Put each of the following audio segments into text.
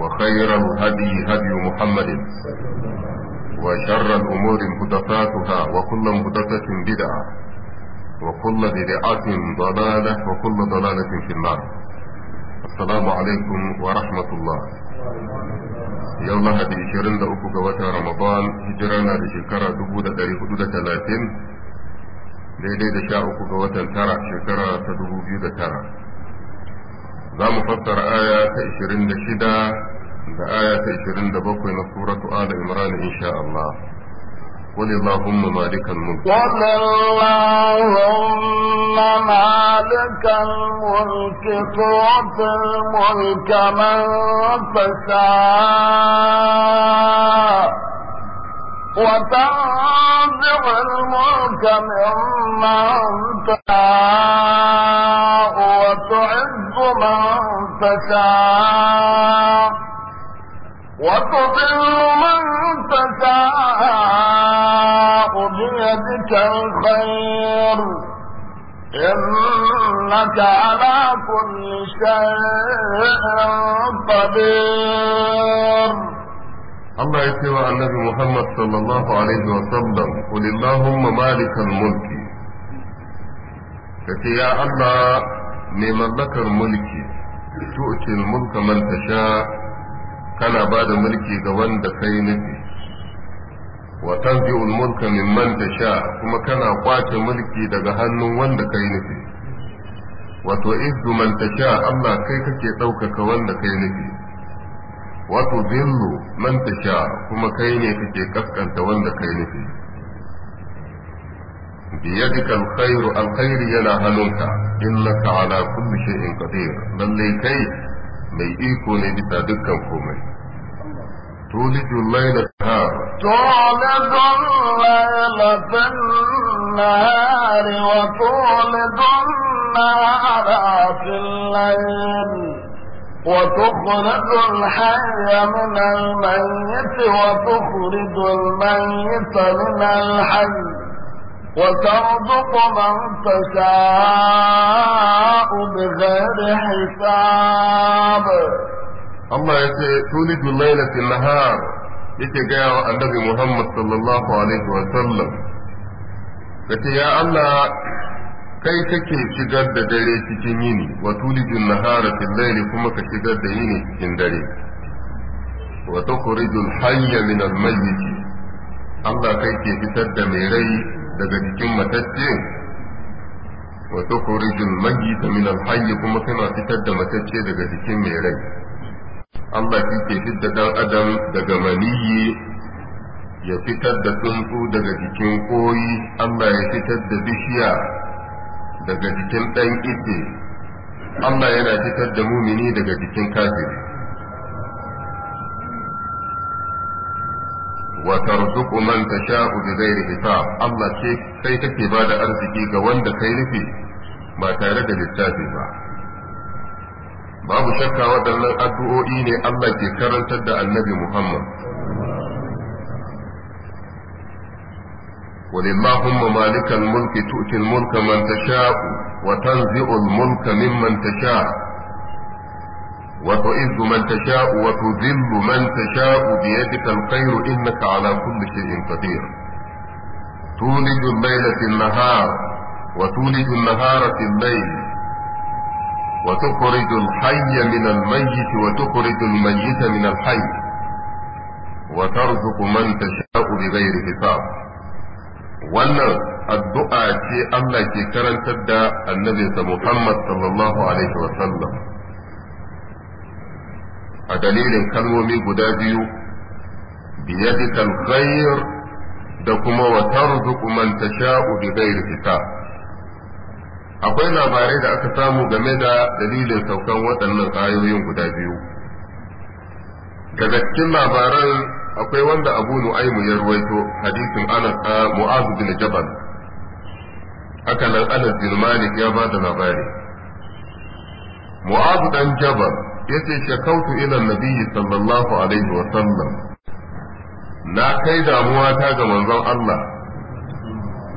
وخير الهدي هدي محمد وشر الأمور مهدفاتها وكل مهدفة بدعة وكل بدعة ضلالة وكل ضلالة في النار السلام عليكم ورحمة الله يوم هدي شرند أكو قوات رمضان هجرنا لشكرة دبودة لحدود ثلاثين ليلة شاء أكو قوات ترى شكرة تدبو ترى za mu fassara aya ta 26 da aya ta 27 na suratu ala imran insha Allah قل اللهم مالك الملك قل اللهم مالك الملك تعطي الملك من تشاء وتنزع الملك ممن انت وتعز من تشاء وتضل من تشاء بيدك الخير إنك على كل شيء قدير Allah ya ce wa annabi Muhammad sallallahu alaihi wa sallam qul allahumma malikal mulki kace ya Allah mai mallakar mulki tu'til mulka man tasha kana ba da mulki ga wanda kai nufi wa tanzi'ul mulka mimman tasha kuma kana kwace mulki daga hannun wanda kai nufi wato izzu man tasha Allah kai kake ɗaukaka wanda kai nufi wato zillu man tasha kuma kai ne kake kaskanta wanda kai nufi biyadika alkhairu alkhairi yana hannunka innaka ala kulli shay'in qadir lalle kai mai iko ne bisa dukkan komai تولد الليل النهار تولد الليل في النهار وتولد النهار في الليل وتخرج الحي من الميت وتخرج الميت من الحي وترزق من تشاء بغير حساب أما تولد الليلة في النهار يتجاء النبي محمد صلى الله عليه وسلم يتجاء الله kai kake shigar da dare cikin yini wa tulijin nahara fil layli kuma ka shigar da yini cikin dare wa tukhrijul hayya min al mayyit Allah kai ke fitar da mai rai daga cikin matacce wa tukhrijul mayyit min al hayy kuma kana fitar da matacce daga cikin mai rai Allah kai ke fitar da adam daga maniyi ya fitar da tsuntsu daga jikin koyi Allah ya fitar da bishiya daga jikin ɗan ice Allah yana fitar da mumini daga jikin kafiri wa tarzuqu man tasha'u bi ghairi hisab Allah ce kai kake bada arziki ga wanda kai nufi ba tare da littafi ba babu shakka waɗannan addu'o'i ne Allah ke karantar da Annabi Muhammad قل اللهم مالك الملك تؤتي الملك من تشاء وتنزع الملك ممن تشاء وتعز من تشاء وتذل من تشاء بيدك الخير انك على كل شيء قدير تولج الليل في النهار وتولج النهار في الليل وتخرج الحي من الميت وتخرج الميت من الحي وترزق من تشاء بغير حساب wannan addu'a ce Allah ke karantar da annabinsa Muhammad sallallahu alaihi wa sallam a dalilin kalmomi guda biyu biyadika khair da kuma wa tarzuqu man tasha'u bi ghairi hisab akwai labarai da aka samu game da dalilin saukan waɗannan ayoyin guda biyu daga cikin labaran akwai wanda abu nu'aymu ya ruwaito hadisin anas A mu'az bin jabal haka nan anas bin malik ya ba da labari mu'az dan jabal yace shakautu ila nabiyyi sallallahu alaihi wa sallam na kai damuwa ta ga manzon Allah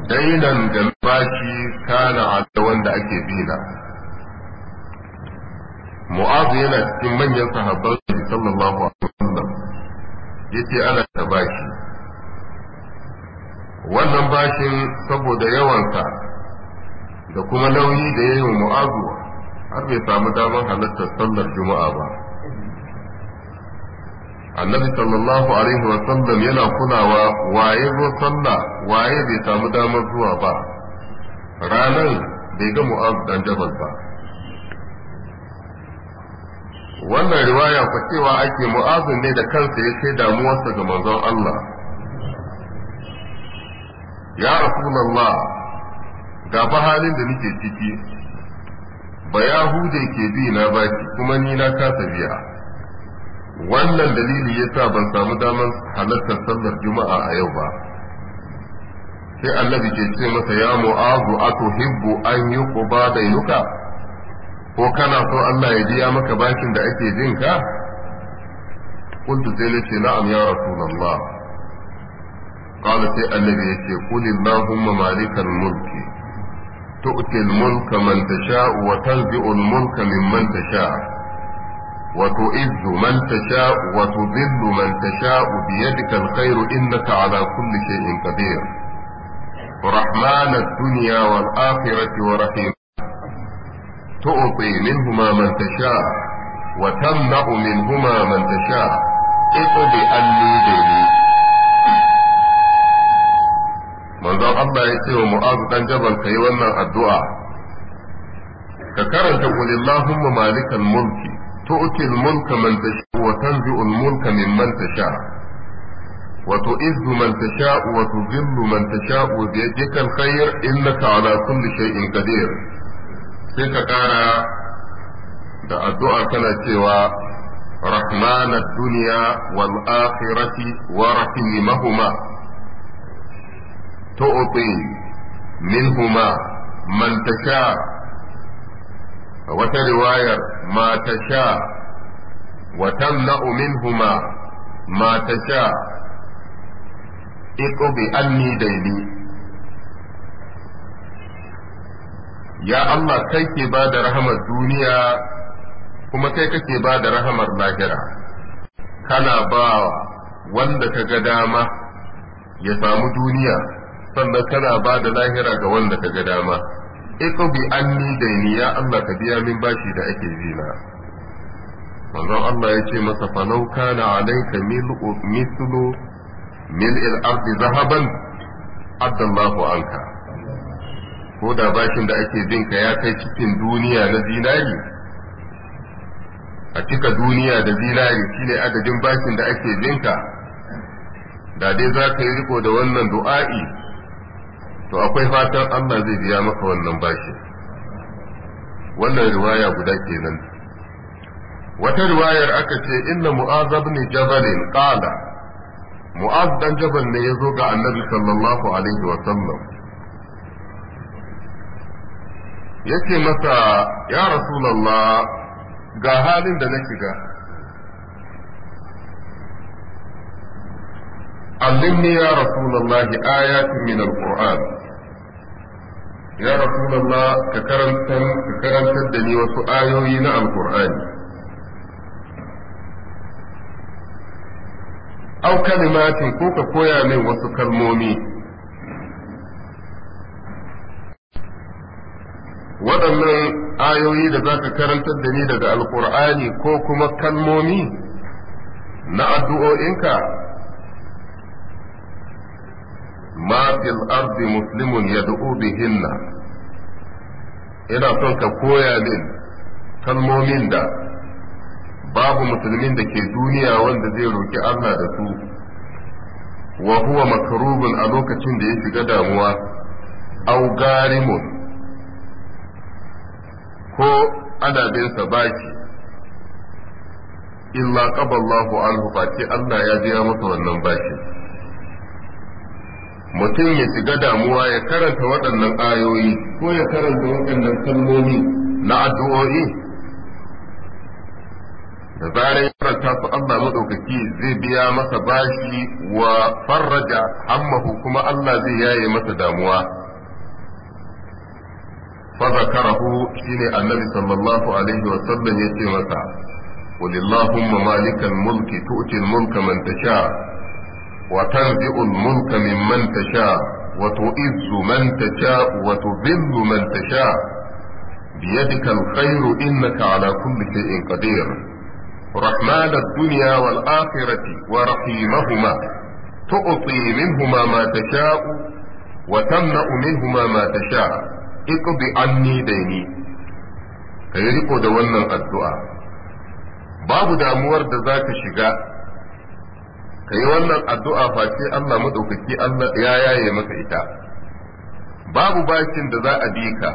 dainan da baki kana a wanda ake bina mu'az yana cikin manyan sahabban sallallahu alaihi wa sallam ya ce ana da bashi wannan bashin saboda yawansa da kuma nauyi da ya yi mu'azu har bai samu damar halittar sallar juma'a ba annabi sallallahu alaihi wa sallam yana kulawa waye zo sallah waye bai samu damar zuwa ba ranar bai ga mu'azu dan jabal ba wannan riwaya ku cewa ake mu'azin ne da kansa ya kai damuwarsa ga manzon Allah ya rasulullah ga fa halin da nake ciki ba yahude ke bi na baki kuma ni na kasa biya wannan dalili yasa ban samu damar halartar sallar juma'a a yau ba sai annabi ke ce masa ya mu'azu atuhibbu an yuqba da yuka ko kana so Allah ya biya maka bashin da ake jin ka qultu sai nace na'am ya rasulullah qala sai annabi yace qul allahumma malikal mulki tu'ti al-mulka man tasha'u wa tanzi'u al-mulka mimman tasha'u وتعز من تشاء وتذل من تشاء بيدك الخير انك على كل شيء قدير رحمن الدنيا والاخره ورحيم تعطي منهما من تشاء وتمنع منهما من تشاء اقض اللي من منظر الله يسير معاذ بن جبل كي الدعاء ككرم تقول اللهم مالك الملك تؤتي الملك من تشاء وتنزع الملك من من تشاء وتؤذ من تشاء وتذل من تشاء بيدك الخير انك على كل شيء قدير sai ka ƙara da addu'a tana cewa rahmanar duniya wal akhirati wa mahuma, tu'ti minhuma man tasha wata riwayar ma tasha wa tamna'u minhuma ma tasha iqbi anni daini ya Allah kai ke ba da rahamar duniya kuma kai kake ba da rahamar lahira kana ba wanda ka ga dama ya samu duniya sannan kana ba da lahira ga wanda ka ga dama iko bi anni da ni ya Allah ka biya min bashi da ake zina Wannan Allah ya ce masa falau kana alayka mithlu mil'il ardi zahaban adda anka ko da bashin da ake bin ka ya kai cikin duniya na zinari a cika duniya da zinari shine adadin bashin da ake bin ka da dai za ka yi riko da wannan du'a'i to akwai fatan Allah zai biya maka wannan bashin wannan riwaya guda kenan wata riwayar aka ce inna mu'azab ibn jabal qala mu'az dan jabal ne yazo ga annabi sallallahu alaihi wa sallam Yake masa ya rasulullah ga halin da na ga allimni ya rasulullah ayatin min alquran ya rasulullah ka karantar ka karantar da ni wasu ayoyi na alqur'ani aw kalimatin ko ka koya min wasu kalmomi waɗannan ayoyi da za ka karantar da ni daga alkur'ani ko kuma kalmomi na addu'o'inka ma fil ardi muslimun ya bihinna ina son ka koya min kalmomin da babu musulmin da ke duniya wanda zai roki Allah da su wa huwa makarubun a lokacin da ya shiga damuwa au garimun ko ana bin sa bashi illa qaballahu anhu face Allah ya biya masa wannan baki mutum ya shiga damuwa ya karanta waɗannan ayoyi ko ya karanta waɗannan kalmomi na addu'o'i da zarar ya karanta su Allah maɗaukaki zai biya masa bashi wa farraja hammahu kuma Allah zai yaye masa damuwa فذكره شيني النبي صلى الله عليه وسلم يتي مسا قل اللهم مالك الملك تؤتي الملك من تشاء وتنزع الملك ممن تشاء وتؤز من تشاء وتذل من تشاء بيدك الخير انك على كل شيء قدير رحمن الدنيا والاخره ورحيمهما تعطي منهما ما تشاء وتمنأ منهما ما تشاء iqdi anni daini ka yi riko da wannan addu'a babu damuwar da za ka shiga ka yi wannan addu'a face Allah maɗaukaki Allah ya yaye maka ita babu bakin da za a bi ka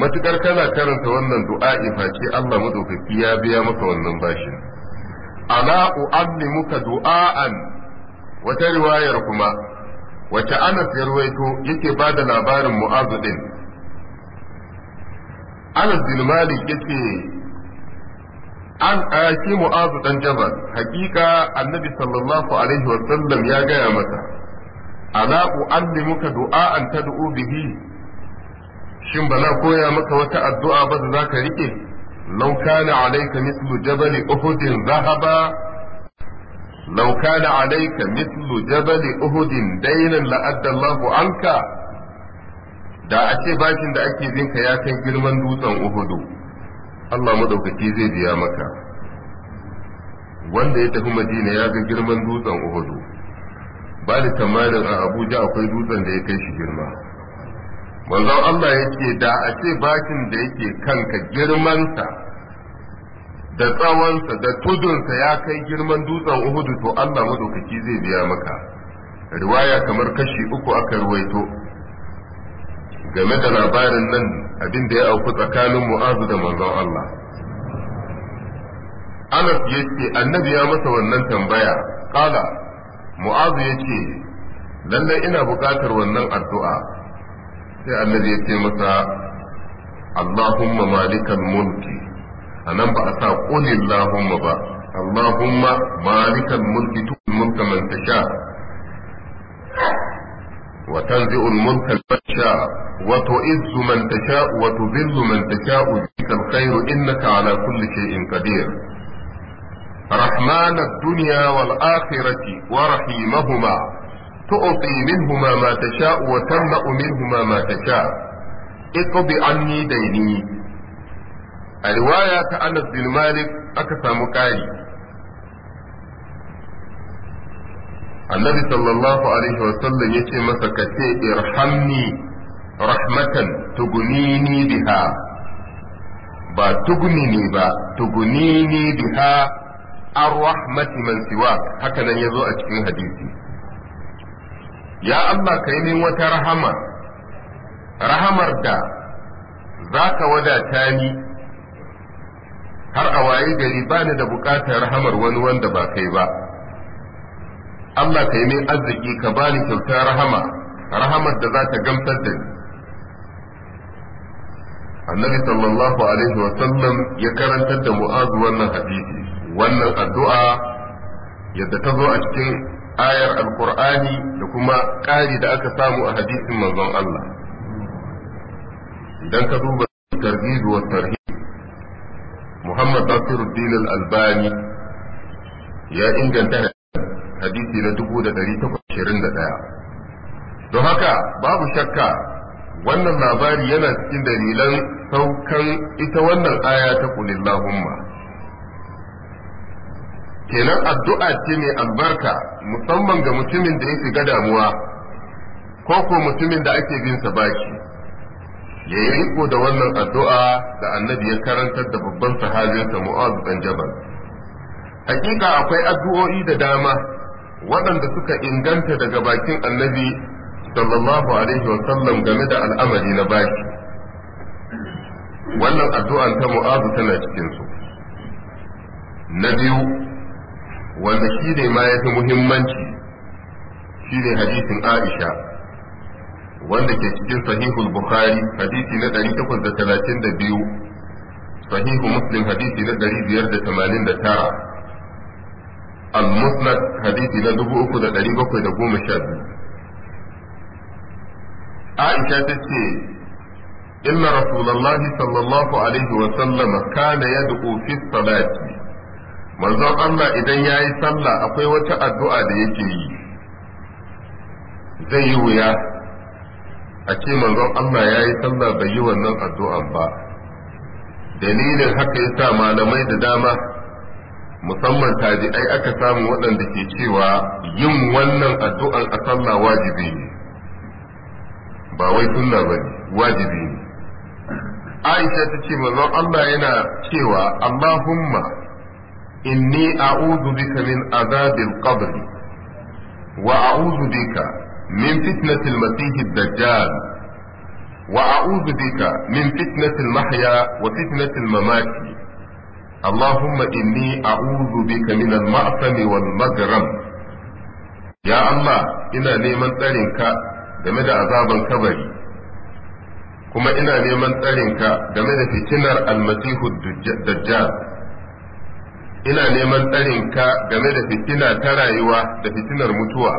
matukar kana karanta wannan du'a'i face Allah maɗaukaki ya biya maka wannan bashin ala muka du'a'an wata riwayar kuma wace Anas ya yake ba da labarin mu'azu anas bin malik yace an shi mu'azu dan jabal hakika annabi sallallahu alaihi wa sallam ya gaya mata- ala u'allimuka du'a'an tad'u bihi shin ba na koya maka wata addu'a ba da zaka rike law kana alayka mislu jabal uhud zahaba law kana alayka mislu jabal uhud daynan la'adda Allahu anka da a ce bashin da ake ka ya kai girman dutsen uhudu Allah madaukaki zai biya maka wanda ya tafi madina ya ga girman dutsen uhudu ba da tamanin a abuja akwai dutsen da ya kai shi girma manzon Allah ya ce da a ce bashin da yake kanka girmansa da tsawonsa da tudunsa ya kai girman dutsen uhudu to Allah madaukaki zai biya maka riwaya kamar kashi uku aka ruwaito game da labarin nan abin da ya auku tsakanin mu'azu da manzon Allah Anas ya ce annabi ya masa wannan tambaya kala mu'azu ya ce lallai ina buƙatar wannan addu'a sai annabi ya ce masa Allahumma malikal mulki a nan ba a sa Allahumma ba Allahumma malikal mulki tu mulka man tasha وتنزع الملك من تشاء وتعز من تشاء وتذل من تشاء بك الخير انك على كل شيء قدير رحمن الدنيا والاخره ورحيمهما تعطي منهما ما تشاء وتمنع منهما ما تشاء اقض عني ديني الروايه انس بن مالك اكثر مكاري annabi sallallahu alaihi wa sallam yace masa kace irhamni rahmatan tugunini biha ba tugunini ba tugunini biha an rahmati man haka nan yazo a cikin hadisi ya Allah kai min wata rahama rahamar da zaka wadata ni har a waye gari bani da buƙatar rahamar wani wanda ba kai ba Allah ka yi min arziki ka bani kyautar rahama rahamar da za ta gamsar da ni annabi sallallahu alaihi wa sallam ya karantar da mu'azu wannan hadisi wannan addu'a yadda ta zo a cikin ayar alkur'ani da kuma ƙari da aka samu a hadisin manzon Allah idan ka duba tarhib wa tarhib Muhammad Nasiruddin al-Albani ya inganta hadisi na 1821 don haka babu shakka wannan labari yana cikin dalilan saukan ita wannan aya ta kulillahumma kenan addu'a ce mai albarka musamman ga mutumin da ya ga damuwa ko ko mutumin da ake bin sa baki ya yi riko da wannan addu'a da annabi ya karantar da babban sahajinsa mu'azu dan jabal hakika akwai addu'o'i da dama waɗanda suka inganta daga bakin annabi sallallahu alaihi wa sallam game da al'amari na bashi wannan addu'an ta mu'azu tana cikin su na biyu wanda shi ne ma ya fi muhimmanci shi ne hadisin aisha wanda ke cikin sahihul bukhari hadisi na 832 sahihu muslim hadisi na 589 al-musnad hadisi na 3712 Aisha ta ce inna rasulullahi sallallahu alaihi wa sallam kana yad'u fi salati manzon Allah idan yayi sallah akwai wata addu'a da yake yi zai yi wuya a ce manzon Allah yayi sallah bai yi wannan addu'a ba dalilin haka yasa malamai da dama musamman taji ai aka samu waɗanda ke cewa yin wannan addu'an a sallah wajibi ne ba wai sunna ba ne wajibi ne aisha ta ce manzon Allah yana cewa Allahumma inni a'udhu bika min azabil qabr wa a'udhu bika min fitnatil masih dajjal wa a'udhu bika min fitnatil mahya wa fitnatil mamati اللهم إني أعوذ بك من المأثم والمجرم يا الله إنا نيمان ترينك game da azaban kabari kuma ina neman tsarinka game da fitinar almasihu dajjal ina neman tsarinka game da fitina ta rayuwa da fitinar mutuwa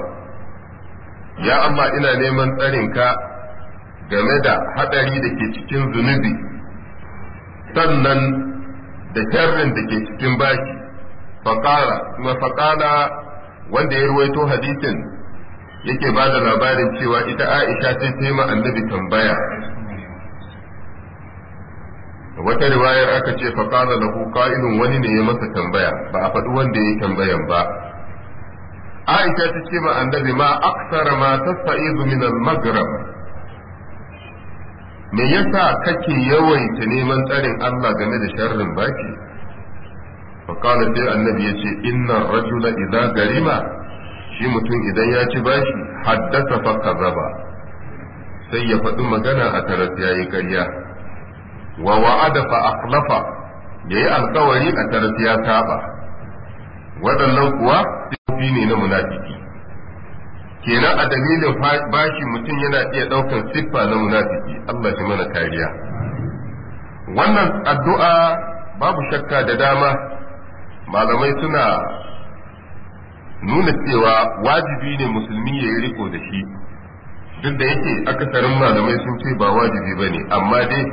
ya Allah ina neman tsarinka game da haɗari da ke cikin zunubi sannan da sharrin da ke cikin baki, faƙara kuma faƙala wanda ya ruwaito hadisin yake ba da labarin cewa ita aisha sai ta ma annabi tambaya wata riwayar aka ce faƙala lahu qa'ilun wani ne ya masa tambaya ba a faɗi wanda ya yi tambayan ba aisha ta ce ma annabi ma aksara ma tasta'izu min al-maghrib me yasa kake yawaita neman tsarin Allah game da sharrin baki faqala sai annabi yace inna rajula idza garima shi mutum idan ya ci bashi haddasa fa kazaba sai ya faɗi magana a taras yayi ƙarya wa wa'ada fa akhlafa yayi alƙawari a taras ya saba waɗannan kuwa sifofi ne na munafiki kenan a dalilin bashi mutum yana iya ɗaukar siffa na munafiki Allah shi mana kariya wannan addu'a babu shakka da dama malamai suna nuna cewa wajibi ne musulmi ya yi riko da shi duk da yake akasarin malamai sun ce ba wajibi ba ne amma dai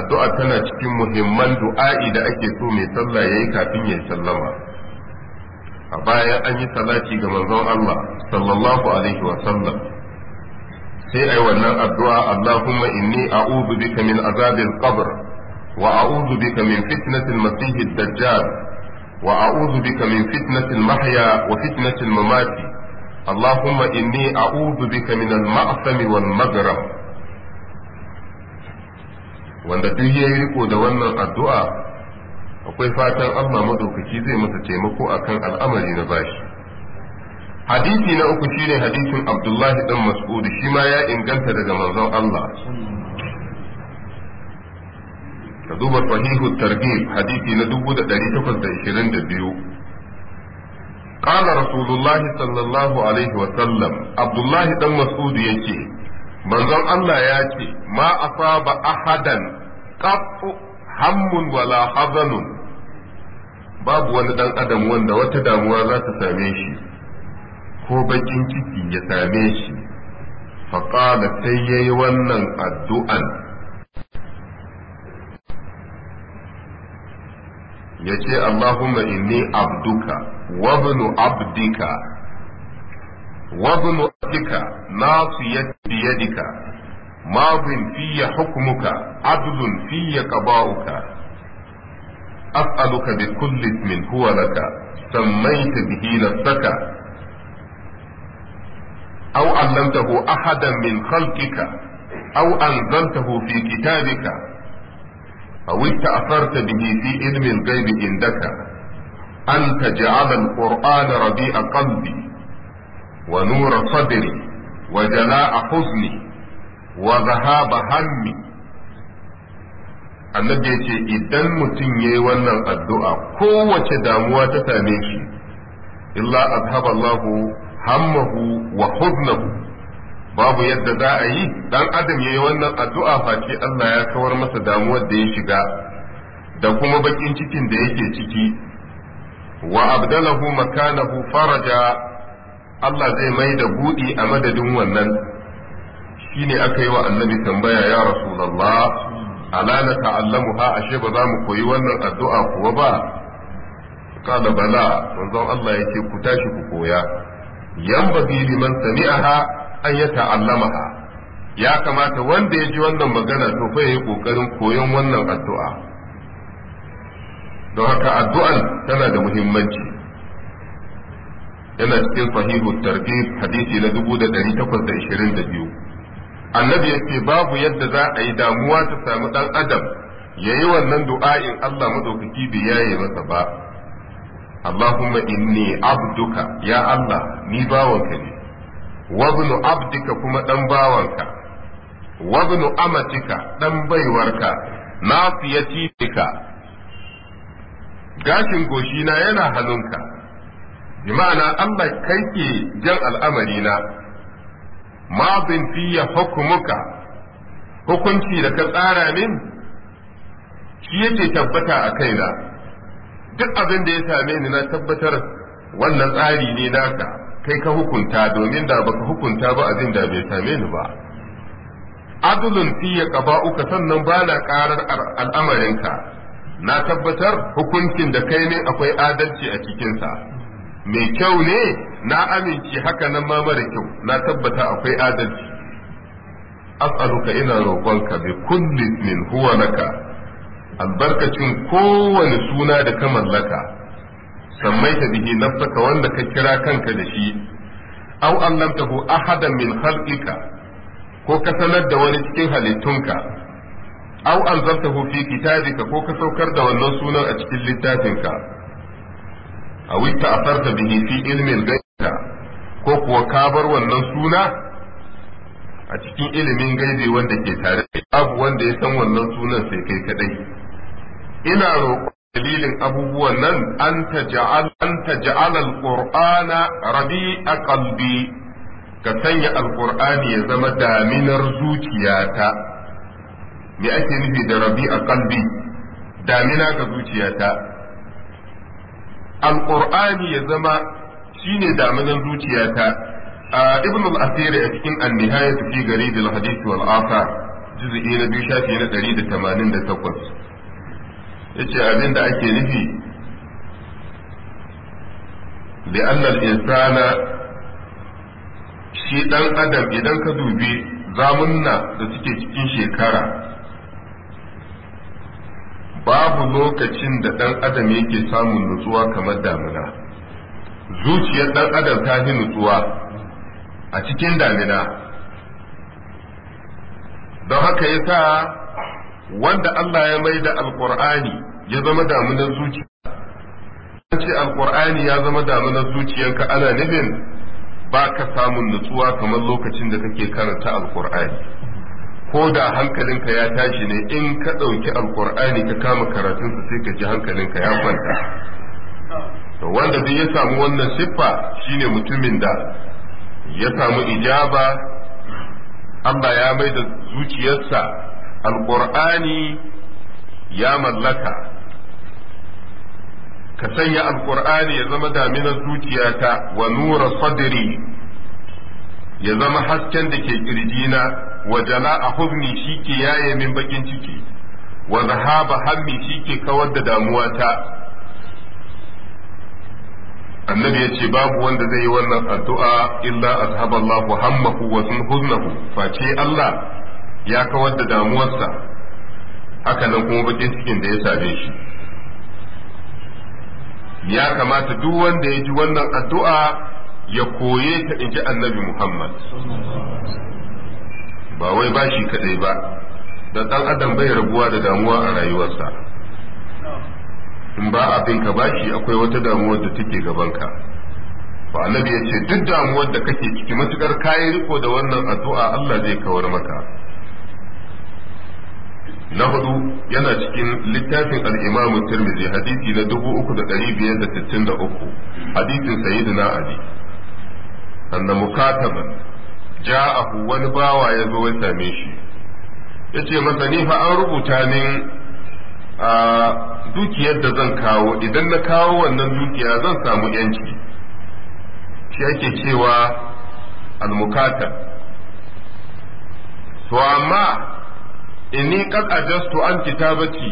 addu'a tana cikin muhimman du'a'i da ake so mai sallah ya yi kafin ya yi sallama a baya an yi salati ga manzon Allah sallallahu alaihi wa sallam sai ai wannan addu'a Allahumma inni a'udhu bika min azabil qabr wa a'udhu bika min fitnatil masiihid dajjal wa a'udhu bika min fitnatil mahya wa fitnatil mamat اللهم إني أعوذ بك من المأثم والمغرم wanda duk ya yi riko da wannan addu'a akwai fatan Allah madaukaki zai masa taimako akan al'amari na bashi hadisi na uku shine hadisin Abdullahi ɗan Mas'ud shi ma ya inganta daga manzon Allah ka duba sahihu targhib hadisi na 1822 قال رسول الله صلى الله عليه وسلم عبد الله بن مسعود يكي manzon Allah ya ce ma asaba ahadan qat hammun wala hazanun babu wani dan adam wanda wata damuwa za ta same shi ko bakin ciki ya same shi faƙala sai ya yi wannan addu'an ya ce Allahumma inni abduka wabnu abdika wabnu abdika nasu yadda yadika bin fiye hukumuka abdun fiye ƙaba'uka أسألك بكل اسم هو لك سميت به نفسك أو علمته أحدا من خلقك أو أنزلته في كتابك أو استأثرت به في علم الغيب عندك أن تجعل القرآن ربيع قلبي ونور صدري وجلاء حزني وذهاب همي annabi ya ce idan mutum ya yi wannan addu'a kowace damuwa ta same shi illa azhaballahu hammahu wa huznahu babu yadda za a yi dan adam ya yi wannan addu'a face Allah ya kawar masa damuwar da ya shiga da kuma bakin cikin da yake ciki wa abdalahu makanahu faraja Allah zai mai da buɗi a madadin wannan Shi ne aka yi wa annabi tambaya ya rasulallah alana ha ashe ba zamu koyi wannan addu'a kuwa ba qala bala manzon Allah yake ku tashi ku koya yanbaghi liman sami'aha an yata'allamaha ya kamata wanda ya ji wannan magana to fa yayi kokarin koyon wannan addu'a don haka addu'an tana da muhimmanci yana cikin sahihu targhib hadisi na 1822 annabi yace babu yadda za a yi damuwa ta samu dan adam yayi wannan in Allah madaukaki bai yaye masa ba Allahumma inni abduka ya Allah ni bawanka ne wabnu abdika kuma dan bawanka wabnu amatika dan baiwarka nafiyatika gashin goshina yana hannunka bi ma'ana Allah kai ke jan al'amari na madin ya hukumuka hukunci da ka tsara min shi yake tabbata a kaina duk abin da ya same ni na tabbatar wannan tsari ne naka kai ka hukunta domin da baka hukunta ba abin da bai same ni ba adulun fiya ƙaba'uka sannan ba bana karar al'amarinka na tabbatar hukuncin da kai ne akwai adalci a cikinsa mai kyau ne na amince haka nan ma mara kyau na tabbata akwai adalci as'aluka ina roƙonka bi kulli min huwa laka albarkacin kowane suna da ka mallaka ta bihi nafsaka wanda ka kira kanka da shi aw allamtahu ahadan min khalqika ko ka sanar da wani cikin halittunka aw anzaltahu fi kitabika ko ka saukar da wannan sunan a cikin littafinka aw ta'asarta bihi fi ilmin ko kuwa ka bar wannan suna a cikin ilimin gaibe wanda ke tare da babu wanda ya san wannan sunan sai kai kadai ina roƙon dalilin abubuwan nan an taj'al an taj'al alqur'ana rabi'a qalbi ka sanya alqur'ani ya zama daminar zuciyata me ake nufi da a qalbi damina ga zuciyata alqur'ani ya zama Shi shine daminan zuciyata ibn al-asiri a cikin an-nihaya fi gari da hadith wal athar juz'i na biyu shafi na 188 yace abin da ake nufi al-insana shi dan adam idan ka dubi zamunna da suke cikin shekara babu lokacin da dan adam yake samun nutsuwa kamar damuna zuciyar dan adam ta fi nutsuwa a cikin damina don haka ya sa wanda Allah ya mai da alkur'ani ya zama damunan zuciya ce alkur'ani ya zama damunan zuciyarka, ana nufin ba ka samun nutsuwa kamar lokacin da kake karanta alkur'ani ko da hankalinka ya tashi ne in ka ɗauki alkur'ani ka kama karatunsa sai ka ji hankalinka ya kwanta to wanda zai ya samu wannan siffa shine mutumin da ya samu ijaba Allah ya mai da zuciyarsa alqur'ani ya mallaka ka sanya alqur'ani ya zama daminar zuciyata wa nura sadri ya zama hasken da ke kirjina wa a hubni shi ke yaye min bakin ciki wa zahaba hammi shi ke kawar da damuwata annabi ya ce babu wanda zai yi wannan addu'a illa azhaballahu hammahu wa huznahu face Allah ya kawar da damuwarsa haka nan kuma bakin cikin da ya same shi ya kamata duk wanda ya ji wannan addu'a ya koye ta inji annabi Muhammad ba wai ba shi kadai ba da ɗan adam bai rabuwa da damuwa a rayuwarsa in ba abin ka bashi akwai wata damuwa da take gabanka ba annabi yace duk damuwar da kake ciki matukar kayi riko da wannan addu'a Allah zai kawar maka na hudu yana cikin littafin al-Imam Tirmidhi hadisi na 3563 hadisin sayyidina Ali anna mukataban ja'ahu wani bawa ya zo ya same shi yace masa ni fa an rubuta min a dukiyar da zan kawo idan na kawo wannan dukiya zan samu yanci shi ake cewa almukata. to amma inni kad ajastu an kitabati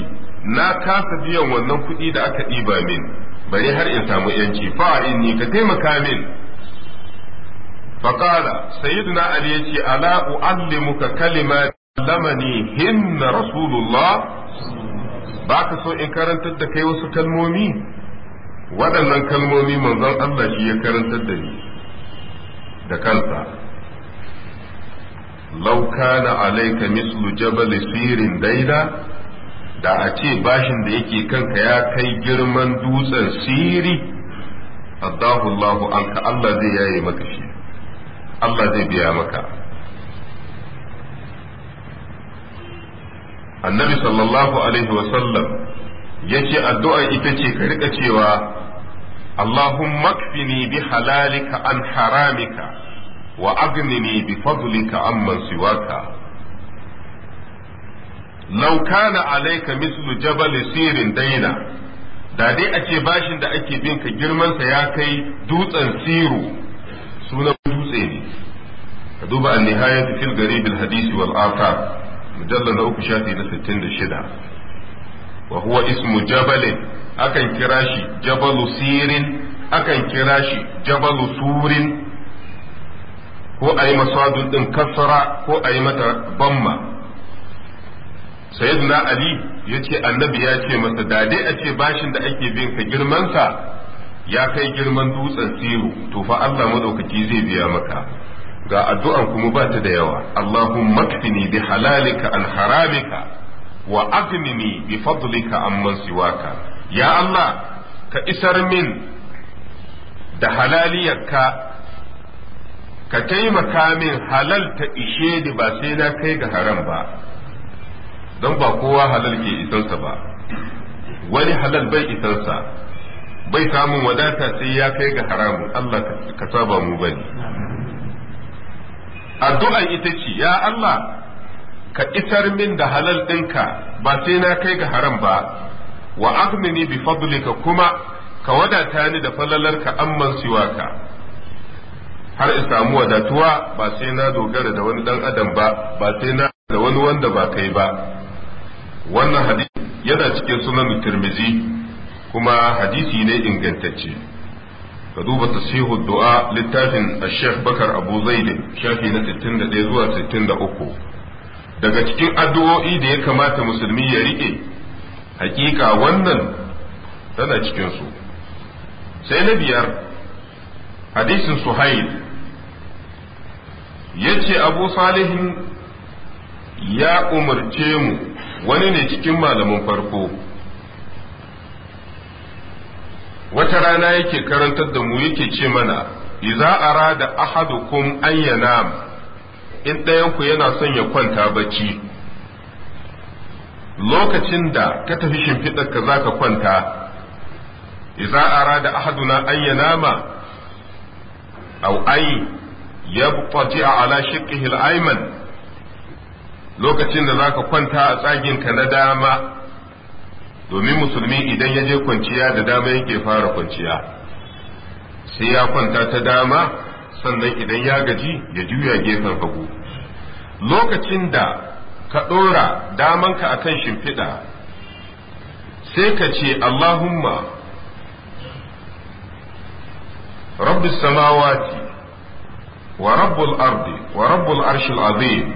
na kasa biyan wannan kuɗi da aka ɗiba min bari har in samu yanci fa inni ka taimaka min فقال سيدنا علي ali ألا أعلمك كلمات علمني هن رسول الله ba ka so in karantar da kai wasu kalmomi waɗannan kalmomi manzon Allah shi ya karantar da ni da kansa law kana alayka mislu jabal sirin daida da a ce bashin da yake kanka ya kai girman dutsen siri Allahu Allahu anka Allah zai yaye maka shi Allah zai biya maka annabi sallallahu alaihi wasallam ya ce addu'a ita ce ka rika cewa Allahumma kfini bi halalika an haramika wa agnini bi fadlika amman siwaka law kana mislu jabal sirin daina da dai a ce bashin da ake bin ka girmansa ya kai dutsen siru sunan dutse ne ka duba an nihayatu fil garib al hadisi wal afar mujallar na uku shafi na sittin da shida wa ismu jabalin akan kira shi jabalu sirin akan kira shi jabalu surin ko a yi masadun ɗin kasara ko a yi mata bamma sayyiduna ali ya ce annabi ya ce masa da dai a bashin da ake bin ka girmansa ya kai girman dutsen siru to fa Allah madaukaki zai biya maka ga addu'an kuma ba ta da yawa Allahumma kfini bi halalika an haramika wa aghnini bi fadlika amman siwaka ya Allah ka isar min da halaliyarka ka taimaka min halal ta ishe da ba sai na kai ga haram ba don ba kowa halal ke isansa ba wani halal bai isansa bai samun wadata sai ya kai ga haramun Allah ka saba mu bane addu'an ita ce ya Allah ka itar min da halal ɗinka ba sai na kai ga haram ba wa aghnini bi fadlika kuma ka wadata ni da falalarka amman siwaka har in samu wadatuwa ba sai na dogara da wani dan adam ba ba sai na da wani wanda ba kai ba wannan hadisi yana cikin sunan tirmizi kuma hadisi ne ingantacce ka duba tasihu du'a littafin Sheikh Bakar Abu Zaid shafi na 61 zuwa 63 daga cikin addu'o'i da ya kamata musulmi ya rike hakika wannan tana cikin su sai na biyar hadisin Suhail yace Abu Salihin ya umarce mu wani ne cikin malamin farko wata rana yake karantar da mu yake ce mana idza arada ahadukum an yanam in ɗayanku yana son ya kwanta bacci lokacin da ka tafi shimfiɗar ka zaka kwanta idza arada ahaduna an yanama aw ay yabqati ala shiqqihi al-ayman lokacin da zaka kwanta a tsaginka na dama domin musulmi idan ya je kwanciya da dama yake fara kwanciya sai ya kwanta ta dama sannan idan ya gaji ya juya gefen hagu lokacin da ka ɗora damanka akan shimfiɗa sai ka ce Allahumma rabbis samawati wa rabbul ardi wa rabbul arshil azim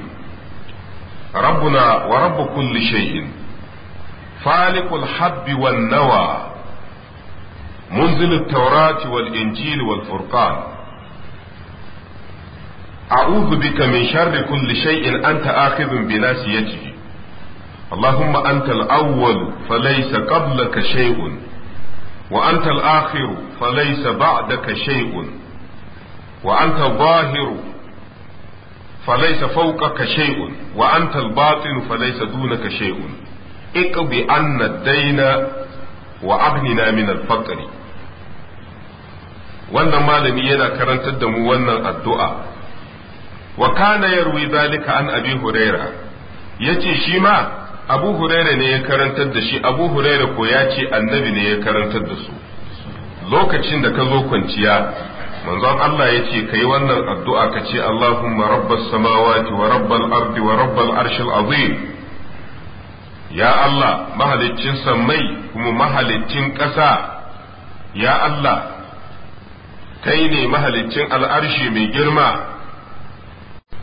rabbuna wa kulli falikul habbi wan nawa munzilut taurati wal injil wal furqan a'udhu bika min sharri kulli shay'in anta akhidhun bi nasiyatihi اللهم أنت الأول فليس قبلك شيء وأنت الآخر فليس بعدك شيء وأنت الظاهر فليس فوقك شيء وأنت الباطن فليس دونك شيء iqbi anna daina wa abnina min al wannan malami yana karantar da mu wannan addu'a wa kana yarwi zalika an abi huraira yace shi ma abu huraira ne ya karantar da shi abu huraira ko ya ce annabi ne ya karantar da su lokacin da ka zo kwanciya manzon Allah ya ce ka yi wannan addu'a ka ce Allahumma rabbar samawati wa rabbal ardi wa rabbal arshil azim ya Allah mahalicin sammai kuma mahaliccin ƙasa ya Allah kai ne mahaliccin al'arshi mai girma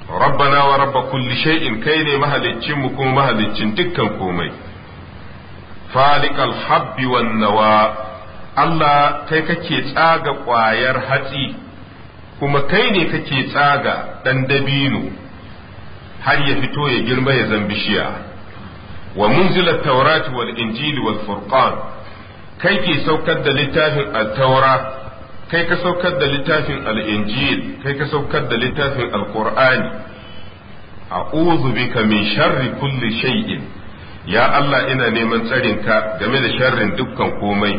rabbana wa rabba kulli shay'in kai ne mahaliccinmu kuma mahaliccin dukkan komai falikal habbi wan nawa Allah kai kake tsaga ƙwayar hatsi kuma kai ne kake tsaga ɗan dabino har ya fito ya girma ya zambishiya. bishiya wa munzila taurati wal injili wal furqan kai ke saukar da littafin al-taura kai ka saukar da littafin al-injil kai ka saukar da littafin al-qur'ani a'udhu bika min sharri kulli shay'in ya Allah ina neman tsarin ka game da sharrin dukkan komai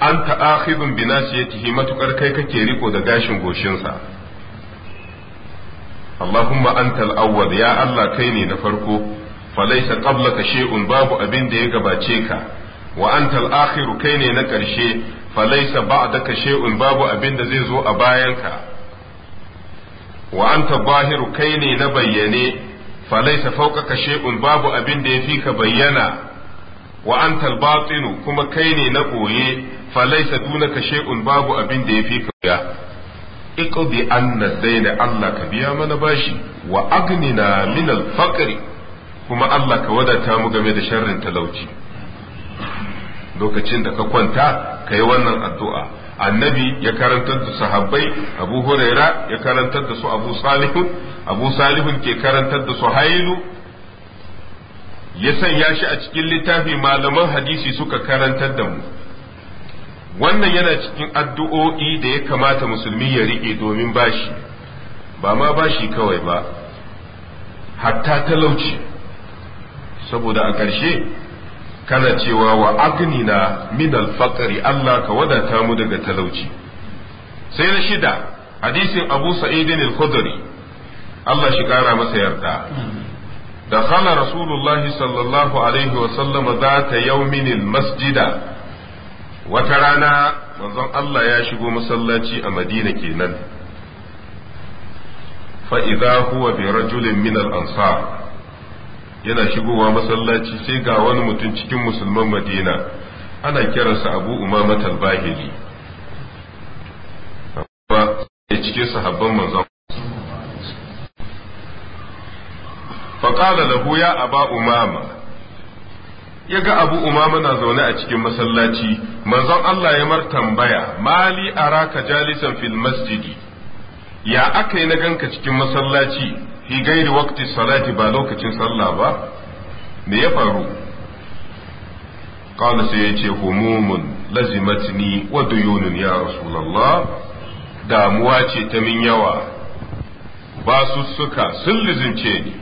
an ta'akhidun ya ciki matukar kai kake riko da gashin goshinsa Allahumma antal awwal ya Allah kai ne na farko falaisa qablaka shay'un babu abin da ya gabace ka wa anta al kai ne na karshe falaisa ba'daka shay'un babu abin da zai zo a bayanka wa anta zahiru kai ne na bayyane falaisa fawqaka shay'un babu abin da yafi ka bayyana wa anta al kuma kai ne na koye falaisa dunaka shay'un babu abin da yafi ka bayyana iqdi anna dayna Allah ka biya mana bashi wa agnina min al kuma Allah ka wadata mu game da sharrin talauci lokacin da ka kwanta ka yi wannan addu'a annabi ya karantar da sahabbai abu huraira ya karantar da su abu salihun abu salihun ke karantar da su hailu ya sanya shi a cikin littafi malaman hadisi suka karantar da mu wannan yana cikin addu'o'i da ya kamata musulmi ya riƙe domin bashi ba ma bashi kawai ba hatta talauci saboda a ƙarshe kana cewa wa agnina min alfaqri Allah ka wadata mu daga talauci sai na shida hadisin Abu Sa'id al-Khudri Allah shi kara masa yarda دخل رسول الله صلى الله عليه وسلم ذات يوم المسجد وترانا manzon Allah ya shigo masallaci a Madina kenan fa idza biyar julin rajulin min al-ansar yana shigowa masallaci sai ga wani mutum cikin musulman madina ana kiransa abu umama talbahiri ba ya cike sahabban manzon faƙala lahu ya aba umama ya ga abu umama na zaune a cikin masallaci manzon Allah ya mar tambaya mali araka jalisan fil masjidi ya aka yi na ganka cikin masallaci fi gairi waqti salati ba lokacin sallah ba me ya faru qala sai yace humumun lazimatni wa duyunun ya rasulullah damuwa ce ta min yawa Ba su suka. sun lizince ni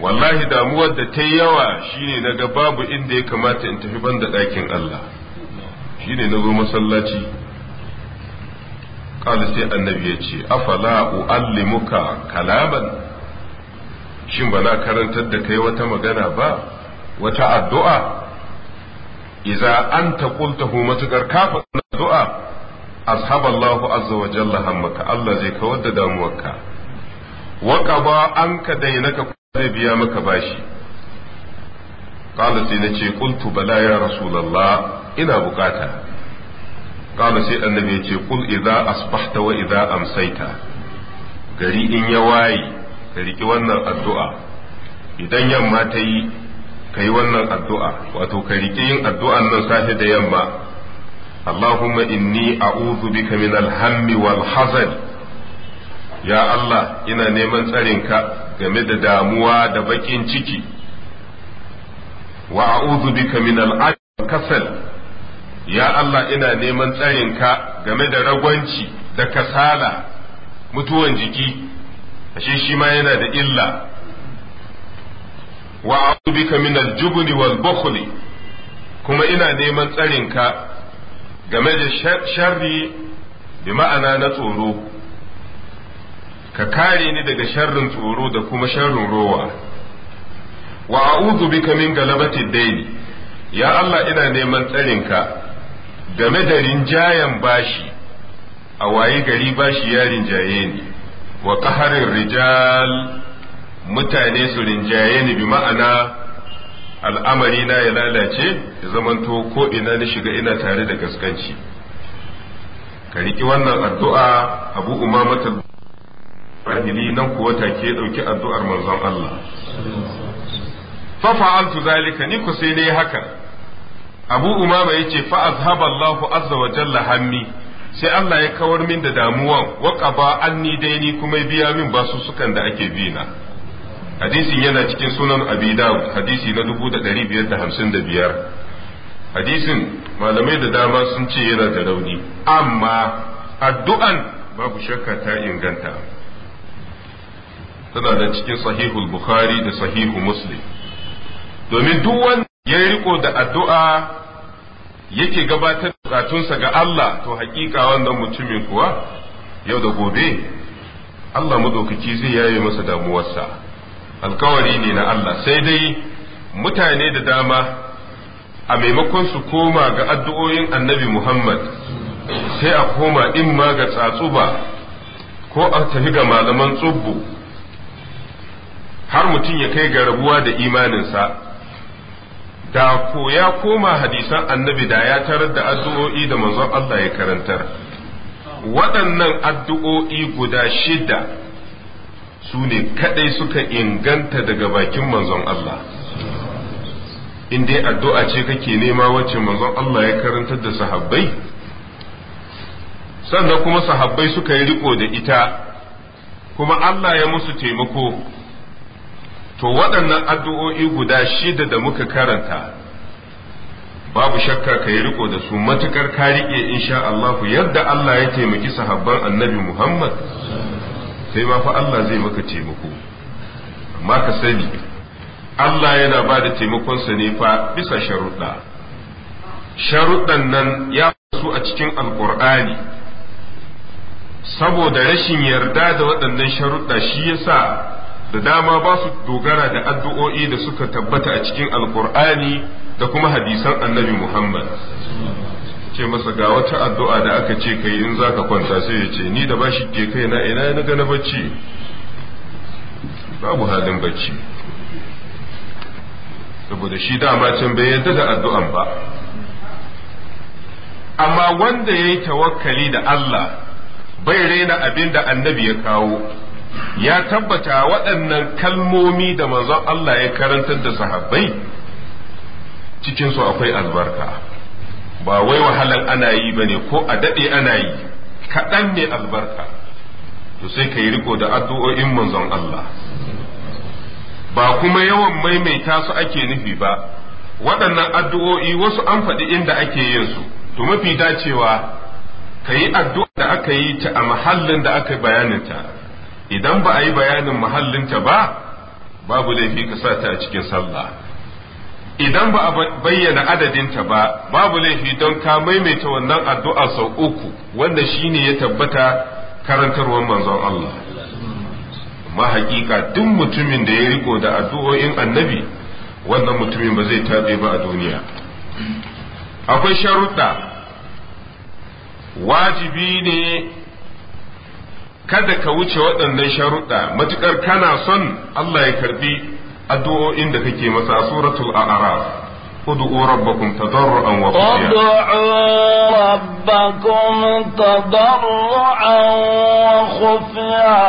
wallahi damuwar da ta yawa shine daga babu inda ya kamata in tafi banda ɗakin Allah shine na zo masallaci qala sai annabi ya ce afala uallimuka kalaman shin bana karantar da kai wata magana ba wata addu'a an anta qultahu matukar kafa addu'a ashaba Allah azza wa jalla hammaka Allah zai kawar da damuwarka wa qaba anka dainaka zai biya maka bashi qala sai ce qultu bala ya rasulallah ina bukata qala sai annabi ya ce qul idza asbahta wa amsaita gari in ya waye ka riki wannan addu'a idan yamma ta yi ka yi wannan addu'a wato ka riƙi yin addu'an nan safe da yamma Allahumma inni a'udhu bika min alhammi wal hazan ya Allah ina neman tsarinka game da damuwa da bakin ciki wa a'udhu bika min al'ajab kasal ya Allah ina neman tsarinka game da ragwanci da kasala mutuwan jiki ashe shi ma yana da illa wa a'udhu bika min al-jubni wal bukhli kuma ina neman tsarinka game da sharri bi ma'ana na tsoro ka kare ni daga sharrin tsoro da kuma sharrin rowa wa a'udhu bika min galabati daini ya Allah ina neman tsarinka game da rinjayen bashi a waye gari bashi ya rinjaye ne wa qaharir rijal mutane su rinjaye ni bi ma'ana al'amari na ya lalace ya zamanto ko ina ni shiga ina tare da gaskanci ka riki wannan addu'a abu umamatul rahili nan kuwa take dauki addu'ar manzon Allah fa zalika ni ku sai ne haka abu umama ya ce fa azhaba Allahu azza wa jalla hammi sai Allah ya kawar min da damuwan an ni anni daini kuma biya min basu sukan da ake bi na hadisin yana cikin sunan abi dawud hadisi na 1555 hadisin malamai da dama sun ce yana da rauni amma addu'an babu shakka ta inganta tana da cikin sahihul bukhari da sahihu muslim domin duk ya riko da addu'a yake gabatar da bukatunsa ga Allah to hakika wannan mutumin kuwa yau da gobe Allah madaukaki zai yaye masa damuwarsa alkawari ne na Allah sai dai mutane da dama a maimakon su koma ga addu'o'in annabi Muhammad sai a koma in ma ga tsatsuba ko a tafi ga malaman tsubbu har mutum ya kai ga rabuwa da imaninsa da ko ya koma hadisan annabi da ya tarar da addu'o'i da manzon Allah ya karantar waɗannan addu'o'i guda shida su ne kaɗai suka inganta daga bakin manzon Allah in dai addu'a ce kake nema wacce manzon Allah ya karantar da sahabbai sannan kuma sahabbai suka yi riko da ita kuma Allah ya musu taimako to waɗannan addu'o'i guda shida da muka karanta babu shakka ka yi riko da su matukar ka riƙe sha Allah yadda Allah ya taimaki sahabban annabi Muhammad sai ma fa Allah zai maka taimako amma ka sani Allah yana ba da taimakonsa ne fa bisa sharuɗa sharuɗan nan ya su a cikin alƙur'ani saboda rashin yarda da waɗannan sharuɗa shi yasa da dama ba su dogara da addu'o'i da suka tabbata a cikin alkur'ani da kuma hadisan annabi muhammad ce masa ga wata addu'a da aka ce kai in za ka kwanta sai ya ce ni da ba shi ke kai na ina na bacci babu halin bacci saboda shi dama can bai yadda da addu'an ba amma wanda ya yi tawakkali da Allah bai raina abin da annabi ya kawo ya tabbata waɗannan kalmomi da manzon Allah ya karantar da sahabbai cikinsu akwai albarka ba wai wahalan ana yi ba ne ko a daɗe ana yi kaɗan ne albarka to sai ka yi riko da addu'o'in manzon Allah ba kuma yawan maimaita su ake nufi ba waɗannan addu'o'i wasu an faɗi inda ake yin su to mafi dacewa ka yi addu'a da aka yi ta a mahallin da aka bayaninta idan ba a yi bayanin muhallinta ba babu laifi ka sa ta a cikin sallah idan ba a bayyana adadinta ba babu laifi don ka maimaita wannan addu'a sau uku wanda shine ya tabbata karantarwar manzon Allah amma hakika duk mutumin da ya riko da addu'o'in annabi wannan mutumin ba zai tabe ba a duniya akwai sharuɗa wajibi ne kada ka wuce waɗannan sharuɗa matuƙar kana son Allah ya karbi addu'o'in da kake masa suratul a'raf ادعوا ربكم تضرعا وخفيا ادعوا ربكم تضرعا وخفيا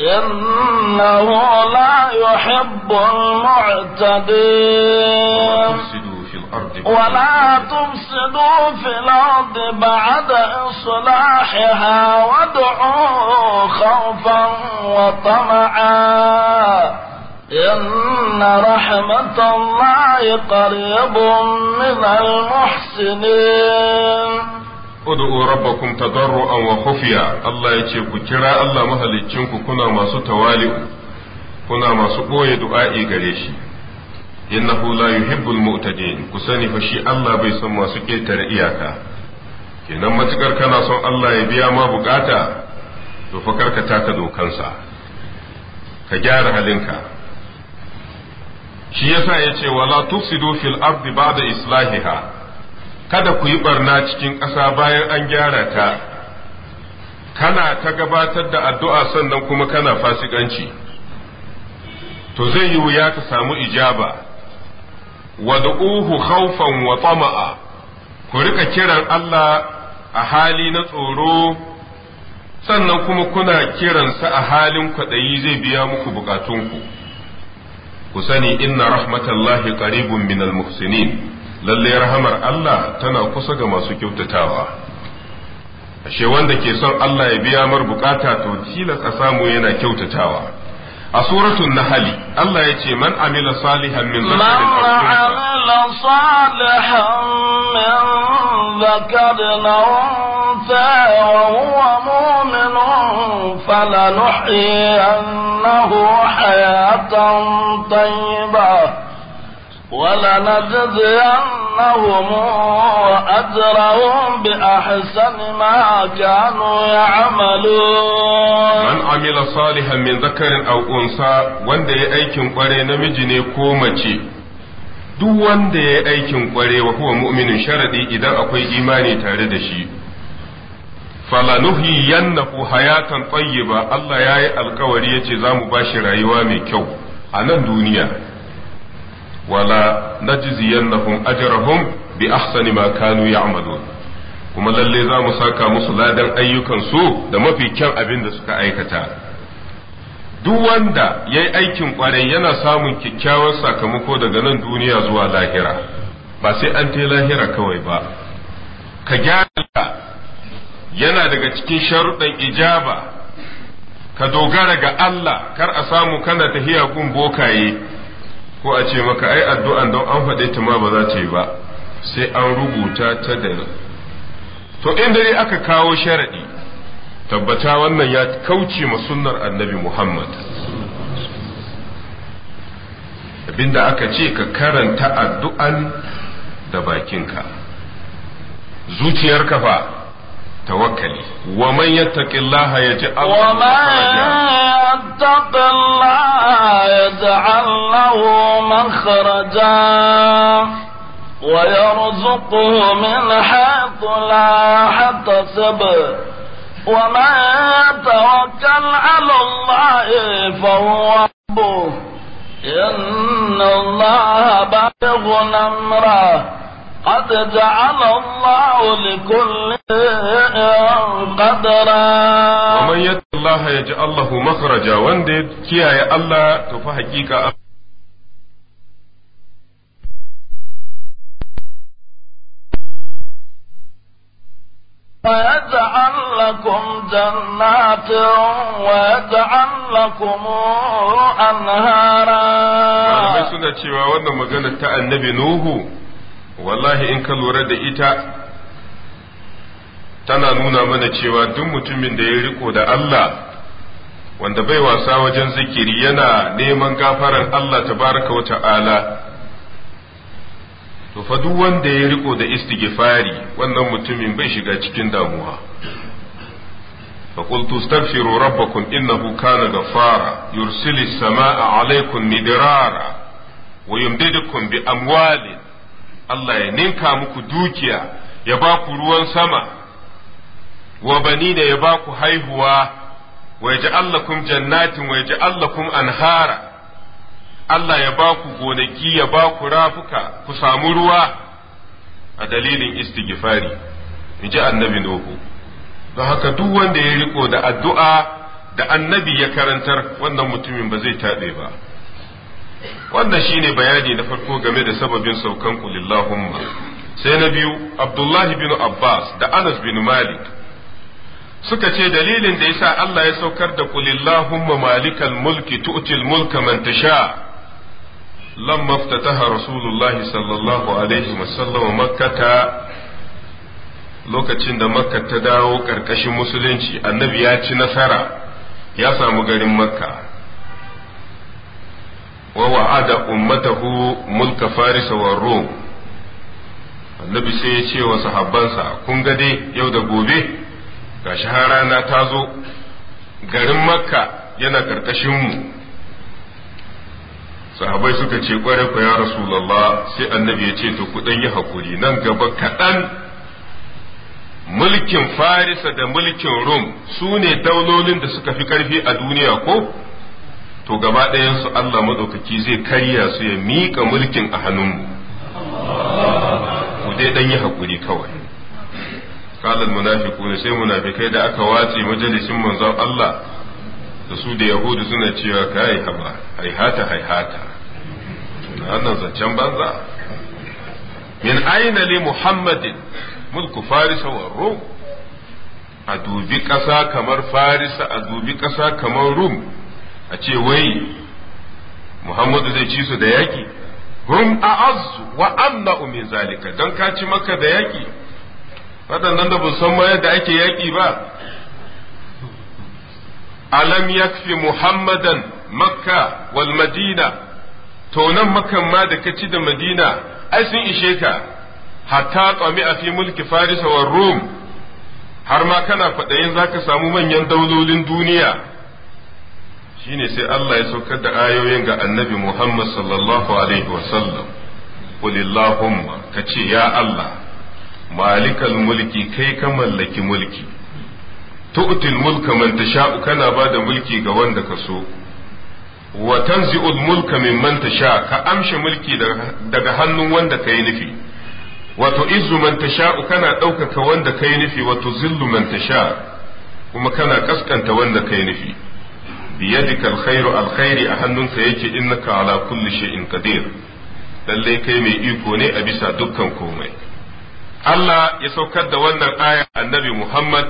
إنه لا يحب المعتدين الأرض ولا تفسدوا في الأرض بعد إصلاحها وادعوا خوفا وطمعا إن رحمة الله قريب من المحسنين ادعوا ربكم تضرعا وخفيا الله يجيب كراء الله مهل الجنك كنا ما ستوالي كنا ما ستوالي دعائي قريشي innahu la yuhibbul mu'tadin ku sani fa shi Allah bai son masu ketare iyaka kenan matukar kana son Allah ya biya ma bukata to fa karkata ka dokansa ka gyara halinka shi yasa yace wala tufsidu fil ardi ba'da islahiha kada ku yi barna cikin ƙasa bayan an gyara ta kana ta gabatar da addu'a sannan kuma kana fasikanci to zai yi wuya ka samu ijaba wad'uhu khawfan wa tama'a ku rika kiran Allah a hali na tsoro sannan kuma kuna kiransa a halin kwaɗayi zai biya muku bukatunku ku sani inna rahmatallahi qaribun minal muhsinin lalle rahamar Allah tana kusa ga masu kyautatawa ashe wanda ke son Allah ya biya mar bukata to tilas a samu yana kyautatawa a suratul nahali Allah ya ce man amila salihan min zakarin aw amila salihan min zakarin aw unsa wa huwa mu'min falanuhyiyannahu hayatan tayyibah ولنجزينهم أجرهم بأحسن ما كانوا يعملون من عمل صالحا من ذكر أو أنثى وند أيكن قري نمجني كومتي duk wanda ya aikin kware wa mu'minin sharadi idan akwai imani tare da shi falanuhi yannahu hayatan ba Allah yayi alkawari yace zamu bashi rayuwa mai kyau a nan duniya wala najziyannahum ajrahum bi ahsani ma kanu ya'malun kuma lalle za mu saka musu ladan ayyukan su da mafi kyan abin da suka aikata duk wanda ya yi aikin kwarai yana samun kyakkyawar sakamako daga nan duniya zuwa lahira ba sai an ta lahira kawai ba ka gyara yana daga cikin sharuɗan ijaba ka dogara ga Allah kar a samu kana tahiya gun bokaye ko a ce maka ai addu'an don an faɗe ta ma ba za ta yi ba sai an rubuta ta da to in dai aka kawo sharaɗi tabbata wannan ya kauce ma sunnar annabi Muhammad abinda aka ce ka karanta addu'an da bakinka zuciyar kafa. توكلي ومن يتق الله يجعل له مخرجا ويرزقه من حيث لا يحتسب ومن يتوكل على الله فهو ربه إن الله بالغ أمره قد جعل الله لكل قدرا ومن يت الله يجعل له مخرجا وند كي يا الله تو حقيقة ويجعل لكم جنات ويجعل لكم أنهارا. أنا ما سنة شيء وأنا مجنة النبي نوح wallahi in ka lura da ita tana nuna mana cewa duk mutumin da ya riko da Allah wanda bai wasa wajen zikiri yana neman gafaran Allah tabaraka wa ta'ala to fa duk wanda ya riko da istighfari wannan mutumin bai shiga cikin damuwa fa qultu astaghfiru rabbakum innahu kana ghaffara yursilis samaa alaykum midrara wa yumdidukum bi amwalin Allah ya ninka muku dukiya ya ba ku ruwan sama wa bani da ya ba ku haihuwa wa yaj'al lakum jannatin wa yaj'al lakum anhara Allah ya ba ku gonaki ya ba ku rafuka ku samu ruwa a dalilin istighfari in ji annabi Nuhu don haka duk wanda ya riko da addu'a da annabi ya karantar wannan mutumin ba zai taɗe ba wannan shine bayani na farko game da sababin saukan kulillahumma sai na biyu abdullahi bin abbas da anas bin malik suka ce dalilin da yasa Allah ya saukar da kulillahumma malikal mulki tu'til mulka man tasha lamma iftataha rasulullahi sallallahu alaihi wasallam makkata lokacin da makka ta dawo karkashin musulunci annabi ya ci nasara ya samu garin makka wa wa'ada ummatahu mulka farisa wa rum annabi sai ya ce wa sahabansa kun ga dai yau da gobe gashi ta zo garin makka yana ƙarƙashin mu sahabai suka ce kware ku ya rasulullah sai annabi ya ce to ku ɗan yi hakuri nan gaba kaɗan mulkin farisa da mulkin rum su ne daulolin da suka fi ƙarfi a duniya ko to gaba ɗayansu Allah maɗaukaki zai karya su ya miƙa mulkin a hannun ku dai ɗan yi haƙuri kawai munafiku ne sai munafikai da aka wace majalisin manzon Allah da su da yahudu suna cewa kai haba haihata haihata wannan zancen banza min aina li muhammadin mulku farisa wa rum a dubi ƙasa kamar farisa a dubi ƙasa kamar rum a ce wai Muhammadu zai ci su da yaki hum azu wa amna'u min zalika don ka ci maka da yaƙi. waɗannan da san ma da ake yaƙi ba alam yakfi muhammadan makka wal madina to nan makan ma da ka ci da madina ai sun ishe ka hatta tsami a fi mulki farisa wa rum har ma kana kwaɗayin za ka samu manyan daulolin duniya shine sai Allah ya saukar da ayoyin ga annabi Muhammad sallallahu alaihi wasallam qulillahumma ce ya Allah malikal mulki kai ka mallaki mulki tu'til mulka man tasha'u kana bada mulki ga wanda ka so wa tanzi'ul mulka mimman tasha ka amshe mulki daga hannun wanda kai nufi wato izzu man tasha'u kana ɗaukaka wanda kai nufi wato zillu man tasha kuma kana kaskanta wanda kai nufi biya biyadika alkhairu alkhairi a hannun hannunsa yake innaka ala kulli kadir qadir lalle kai mai iko ne a bisa dukkan komai Allah ya saukar da wannan aya annabi Muhammad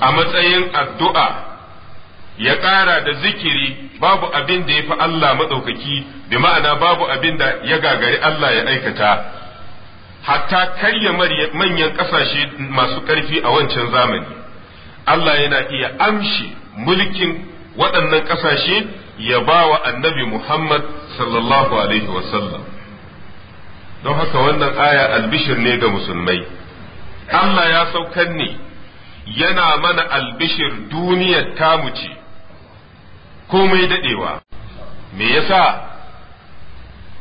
a matsayin addu'a ya ƙara da zikiri babu abin da ya fi Allah maɗaukaki bi ma'ana babu abin da ya gagari Allah ya aikata hatta karya manyan ƙasashe masu ƙarfi a wancan zamani Allah yana iya amshi mulkin waɗannan ƙasashe ya ba wa annabi Muhammad sallallahu alaihi wasallam don haka wannan aya albishir ne ga musulmai Allah ya saukan ne yana mana albishir duniyar tamu ce komai daɗewa me yasa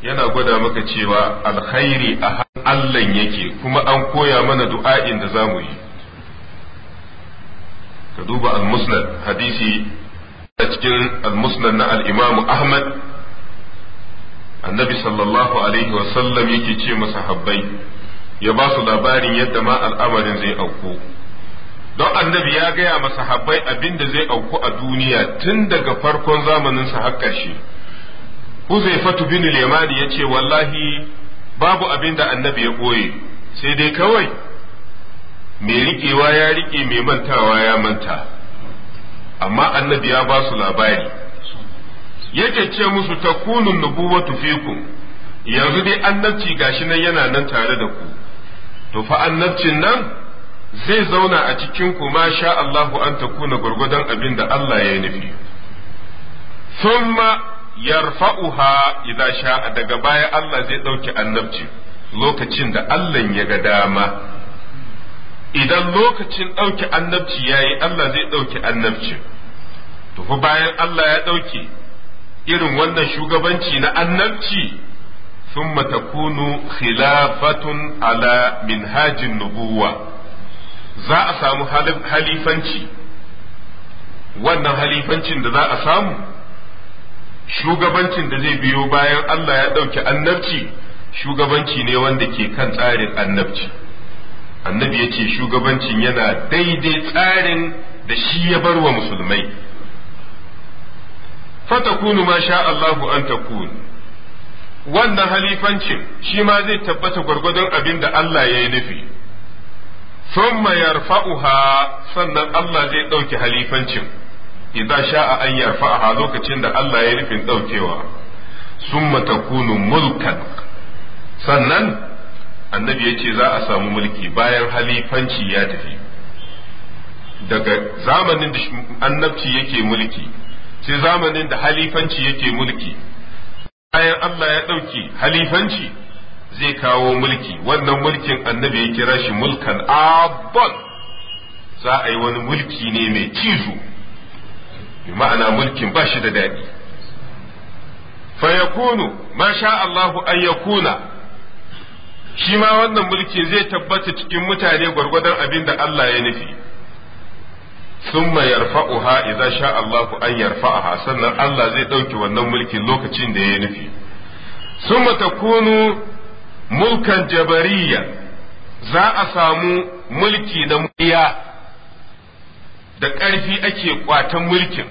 yana gwada maka cewa alkhairi a hannun Allah yake kuma an koya mana du'a'in da zamu yi ka duba al-musnad hadisi a cikin al na al'imamu ahmad annabi sallallahu alaihi wasallam yake ce masahabbai ya ba su labarin yadda ma al'amarin zai auku don annabi ya gaya masahabbai abin da zai auku a duniya tun daga farkon zamaninsa har ƙarshe huzaifatu bin yamani ya ce wallahi babu abin da annabi ya ɓoye sai dai kawai mai riƙewa ya riƙe mai mantawa ya manta amma annabi ya ba su labari yake ce musu takunu nubuwatu fikum yanzu dai annabci gashi nan yana nan tare da ku to fa annabcin nan zai zauna a cikin ku ma sha Allahu an takuna gwargwadon abin da Allah ya yi nufi thumma yarfa'uha idza sha'a daga baya Allah zai dauki annabci lokacin da Allah ya ga dama idan lokacin ɗauke annabci yayi Allah zai ɗauke annabci to bayan Allah ya ɗauke irin wannan shugabanci na annabci sun matakunu khilafatun ala minhajin nubuwa za a samu halifanci wannan halifancin da za a samu shugabancin da zai biyo bayan Allah ya ɗauke annabci shugabanci ne wanda ke kan tsarin annabci. annabi ya ce shugabancin yana daidai tsarin da shi ya bar wa musulmai fatakunu ma sha Allahu an takun wannan halifancin shi ma zai tabbata gwargwadon abin da Allah ya yi nufi thumma yarfa'uha sannan Allah zai ɗauki halifancin idan sha'a an yarfa'aha lokacin da Allah ya nufin ɗaukewa summa takunu mulkan sannan annabi ya ce za a samu mulki bayan halifanci ya tafi daga zamanin da annabci yake mulki sai zamanin da halifanci yake mulki bayan Allah ya ɗauki halifanci zai kawo mulki wannan mulkin annabi ya kira shi mulkan abban za a yi wani mulki ne mai cizo ma'ana mulkin ba shi da daɗi fa yakunu ma sha Allahu an yakuna shi ma wannan mulki zai tabbata cikin mutane gwargwadon abin da Allah ya nufi summa yarfa'uha iza sha Allahu an yarfa'aha sannan Allah zai ɗauki wannan mulkin lokacin da ya nufi ta Kunu mulkan jabariya za a samu mulki na muriya da ƙarfi ake kwatan mulkin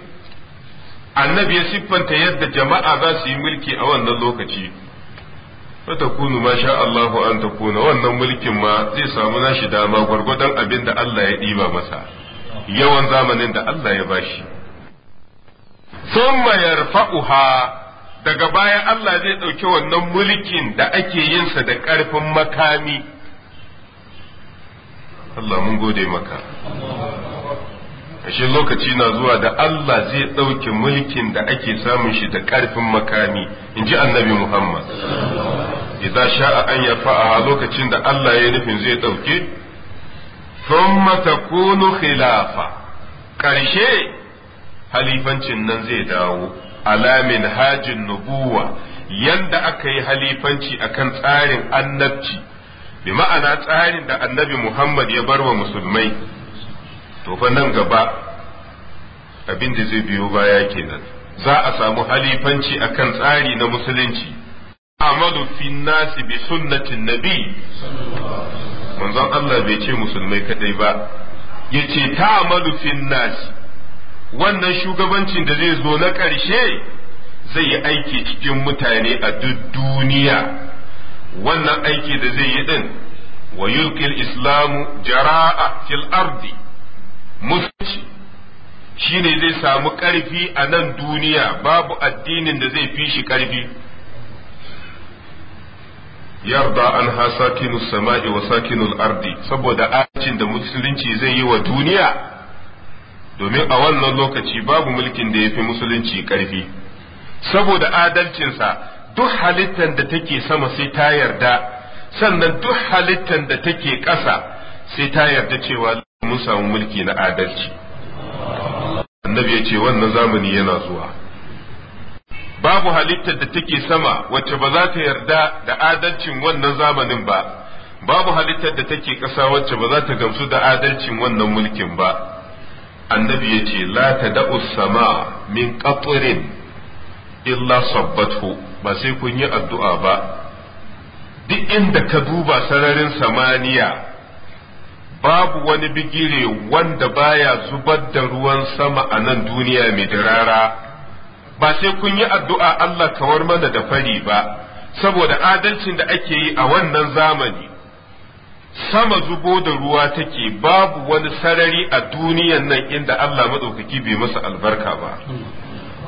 annabi ya siffanta yadda jama'a za su yi mulki a wannan lokaci fa takunu ma sha Allahu an takuna wannan mulkin ma zai samu nashi dama gwargwadon abin da Allah ya ɗiba masa yawan zamanin da Allah ya bashi thumma yarfa'uha daga baya Allah zai ɗauki wannan mulkin da ake yinsa da ƙarfin makami Allah mun gode maka ashe lokaci na zuwa da Allah zai ɗauke mulkin da ake samun shi da ƙarfin makami in ji annabi Muhammad idan sha'a an ya fa'a lokacin da Allah ya nufin zai ɗauke mata kunu khilafa ƙarshe halifancin nan zai dawo alamin hajin nubuwa yanda aka yi halifanci akan tsarin annabci bi ma'ana tsarin da annabi Muhammad ya bar wa musulmai to fa nan gaba abin da zai biyo baya kenan za a samu halifanci akan tsari na musulunci amalu fi nasi bi sunnatin nabi manzon Allah bai ce musulmai kadai ba yace ta amalu fi nasi wannan shugabancin da zai zo na ƙarshe zai yi aiki cikin mutane a duk duniya wannan aiki da zai yi din wa yulqil islamu jara'a fil ardi shi shine zai samu ƙarfi a nan duniya babu addinin da zai fi shi ƙarfi yarda an ha sakinu sama'i wa sakinul ardi saboda acin da musulunci zai yi wa duniya domin a wannan lokaci babu mulkin da ya fi musulunci ƙarfi saboda adalcinsa duk halittar da take sama sai ta yarda sannan duk halittar da take ƙasa sai ta yarda cewa mun samu mulki na adalci annabi ya ce wannan zamani yana zuwa babu halittar da take sama wacce ba za ta yarda da adalcin wannan zamanin ba babu halittar da take ƙasa wacce ba za ta gamsu da adalcin wannan mulkin ba annabi ya ce la ta da'u sama min qatrin illa sabbathu ba sai kun yi addu'a ba duk inda ka duba sararin samaniya babu wani bigire wanda baya zubar da ruwan sama a nan duniya mai dirara ba sai kun yi addu'a Allah kawar mana da fari ba saboda adalcin da ake yi a wannan zamani sama zubo da ruwa take babu wani sarari a duniyan nan inda Allah maɗaukaki bai masa albarka ba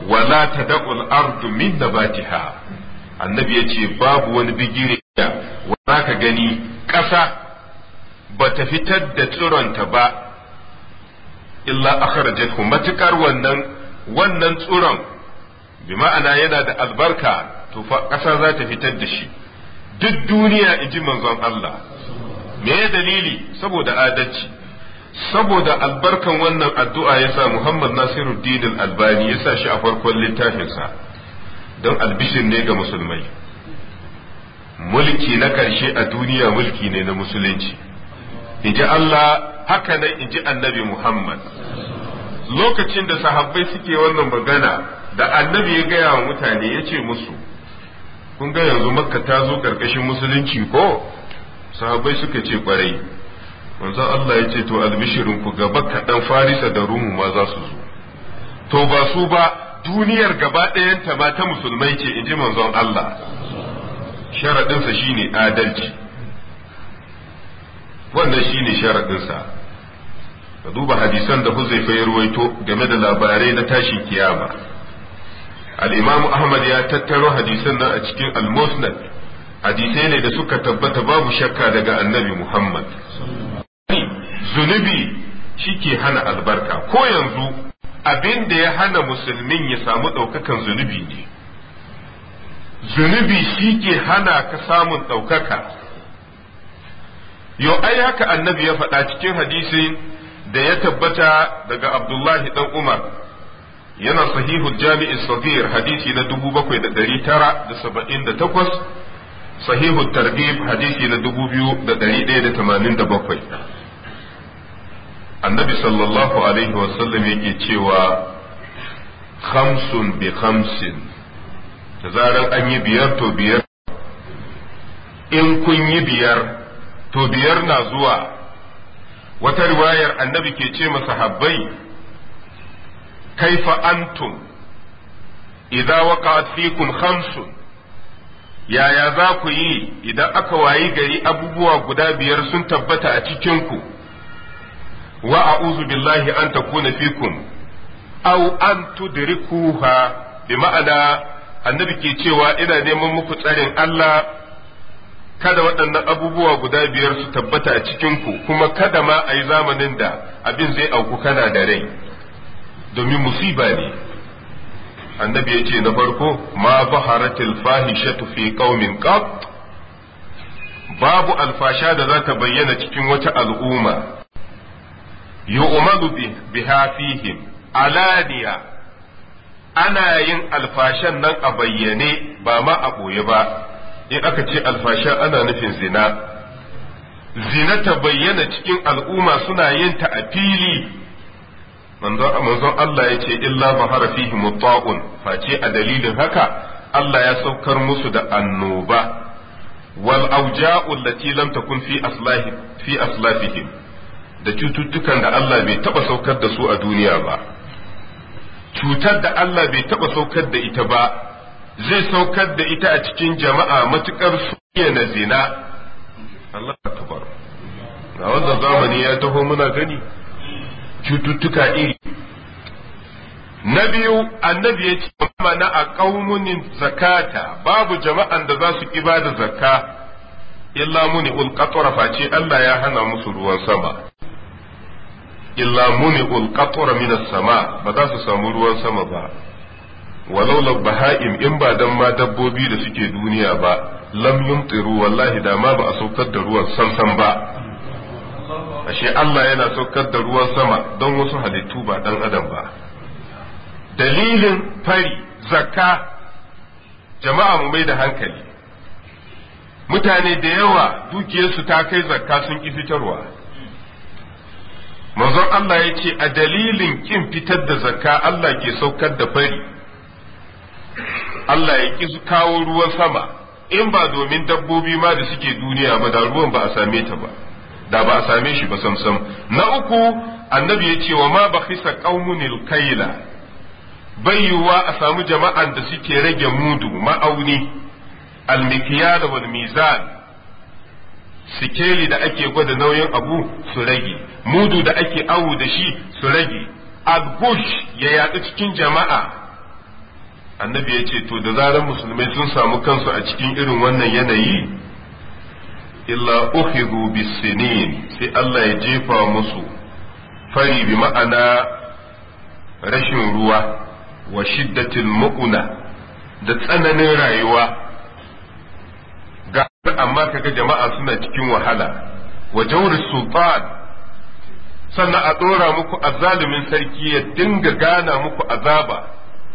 wala ta da'ul ardu min nabatiha annabi ya ce babu wani bigire wanda ka gani ƙasa ba ta fitar da tsuronta ba illa akhrajathu matukar wannan wannan tsiron bi ma'ana yana da albarka to fa ƙasa za ta fitar da shi duk duniya inji manzon Allah me dalili saboda adalci saboda albarkan wannan addu'a ya sa Muhammad Nasiruddin al-Albani ya sa shi a farkon littafinsa don albishin ne ga musulmai mulki na ƙarshe a duniya mulki ne na musulunci in ji Allah haka nan in ji annabi Muhammad lokacin da sahabbai suke wannan magana da annabi ya gaya wa mutane ya ce musu kun ga yanzu makka ta zo ƙarƙashin musulunci ko sahabbai suka ce ƙwarai Wanzan Allah ya ce to albishirin ku gaba kaɗan farisa da rumu ma za su zo to ba su ba duniyar gaba ɗayanta ma ta musulmai ce in ji manzon Allah sharaɗinsa shine adalci wannan shi ne sharaɗinsa ka duba hadisan da Huzaifa ya ruwaito game da labarai na tashin kiyama al Ahmad ya tattaro hadisan nan a cikin al-Musnad hadisai ne da suka tabbata babu shakka daga Annabi Muhammad zunubi shike hana albarka ko yanzu abin da ya hana musulmin ya samu ɗaukakan zunubi ne zunubi shi ke hana ka samun ɗaukaka yo ai haka annabi ya faɗa cikin hadisi da ya tabbata daga abdullahi ɗan umar yana sahihul jami'i saghir hadisi na dubu bakwai da da da tara saba'in takwas sahihul Targib hadisi na dubu biyu da da da tamanin bakwai. annabi sallallahu alaihi wasallam yake cewa khamsun bi khamsin da zarar an yi biyar to biyar in kun yi biyar to biyar na zuwa wata riwayar annabi ke ce masa habbai kaifa antum idza waqa'at fikum khamsun yaya za ku yi idan aka wayi gari abubuwa guda biyar sun tabbata a cikinku wa a'udhu billahi an takuna fikum aw an tudrikuha bi ma'ana annabi ke cewa ina neman muku tsarin Allah kada waɗannan abubuwa guda biyar su tabbata a cikinku kuma kada ma a yi zamanin da abin zai auku kana da rai domin musiba ne annabi ya ce na farko ma baharatil fahishatu fi qaumin qat babu alfasha da za ta bayyana cikin wata al'umma yu'madu biha fihim alaniya ana yin alfashan nan a bayyane ba ma a boye ba in aka ce alfasha ana nufin zina zina ta bayyana cikin al'umma suna yin ta a fili manzon Allah ya ce illa mahara fihi mutta'un face a dalilin haka Allah ya saukar musu da annoba wal auja'u allati lam takun fi aslahi fi aslafihim da cututtukan da Allah bai taba saukar da su a duniya ba cutar da Allah bai taba saukar da ita ba zai saukar da ita a cikin jama'a matukar na zina Allah bar a wannan zamani ya taho muna gani cututtuka iri na biyu annabi ya ce mana a qaumunin zakata babu jama'an da za su ibada zakka illa muni ulqatra face Allah ya hana musu ruwan sama illa muni ulqatra minas sama ba za su samu ruwan sama ba walau baha'im in ba dan ma dabbobi da suke duniya ba lam yumtiru wallahi da ma ba a saukar da ruwan sansan ba ashe Allah yana saukar da ruwan sama don wasu halittu ba dan adam ba dalilin fari zakka jama'a mu mai da hankali mutane da yawa dukiyarsu ta kai zakka sun ki fitarwa manzon Allah ya ce a dalilin kin fitar da zakka Allah ke saukar da fari Allah ya ƙi kawo ruwan sama in ba domin dabbobi ma da suke duniya ba da ruwan ba a same ta ba da ba a same shi ba samsam na uku annabi ya ce wa ma ba hisa qaumunil kaila bai yiwuwa a samu jama'an da suke rage mudu ma'auni almikiyar wal mizan sikeli da ake gwada nauyin abu su rage mudu da ake awu da shi su rage algush ya yaɗu cikin jama'a annabi ya ce to da zarar musulmai sun samu kansu a cikin irin wannan yanayi illa ukhidhu bisinin sai Allah ya jefa musu fari bi ma'ana rashin ruwa wa shiddatil mu'una da tsananin rayuwa ga amma kaga jama'a suna cikin wahala wa jawri sultan sannan a ɗora muku azalimin sarki ya dinga gana muku azaba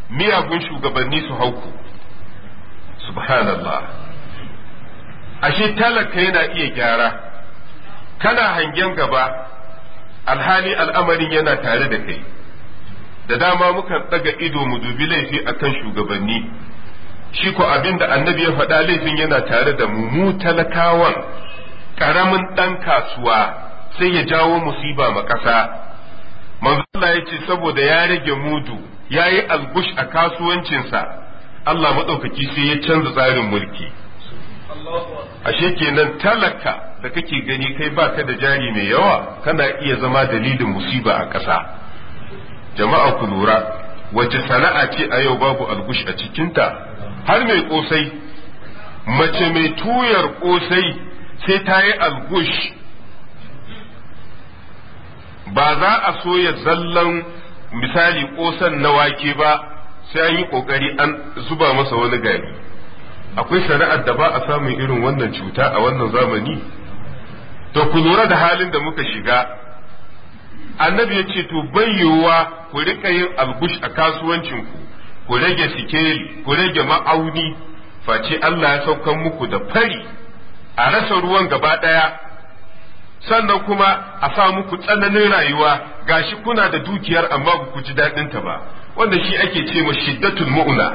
miyagun shugabanni su hauku subhanallah ashe talaka yana iya gyara kana hangen gaba alhali al'amarin yana tare da kai da dama muka ɗaga ido mu dubi laifi akan shugabanni shi ko abin da annabi ya faɗa laifin yana tare da mu mu talakawan ƙaramin ɗan kasuwa sai ya jawo musiba ma ƙasa manzo Allah ya ce saboda ya rage mudu ya yi albush a kasuwancinsa Allah maɗaukaki sai ya canza tsarin mulki ashe kenan talaka da kake gani kai baka da jari mai yawa kana iya zama dalilin musiba a ƙasa jama'a ku lura wace sana'a ce a yau babu albush a cikinta har mai ƙosai mace mai tuyar ƙosai sai ta yi albush ba za a soya zallan misali kosan na wake ba sai an yi kokari an zuba masa wani gari akwai sana'ar da ba a samun irin wannan cuta a wannan zamani to ku lura da halin da muka shiga annabi ya ce to bai ku rika yin albush a kasuwancinku ku rage sikeli ku rage ma'auni face Allah ya saukan muku da fari a rasa ruwan gaba ɗaya sannan kuma a sa muku tsananin rayuwa gashi kuna da dukiyar amma ku ji daɗin ta ba wanda shi ake ce ma shiddatul mu'una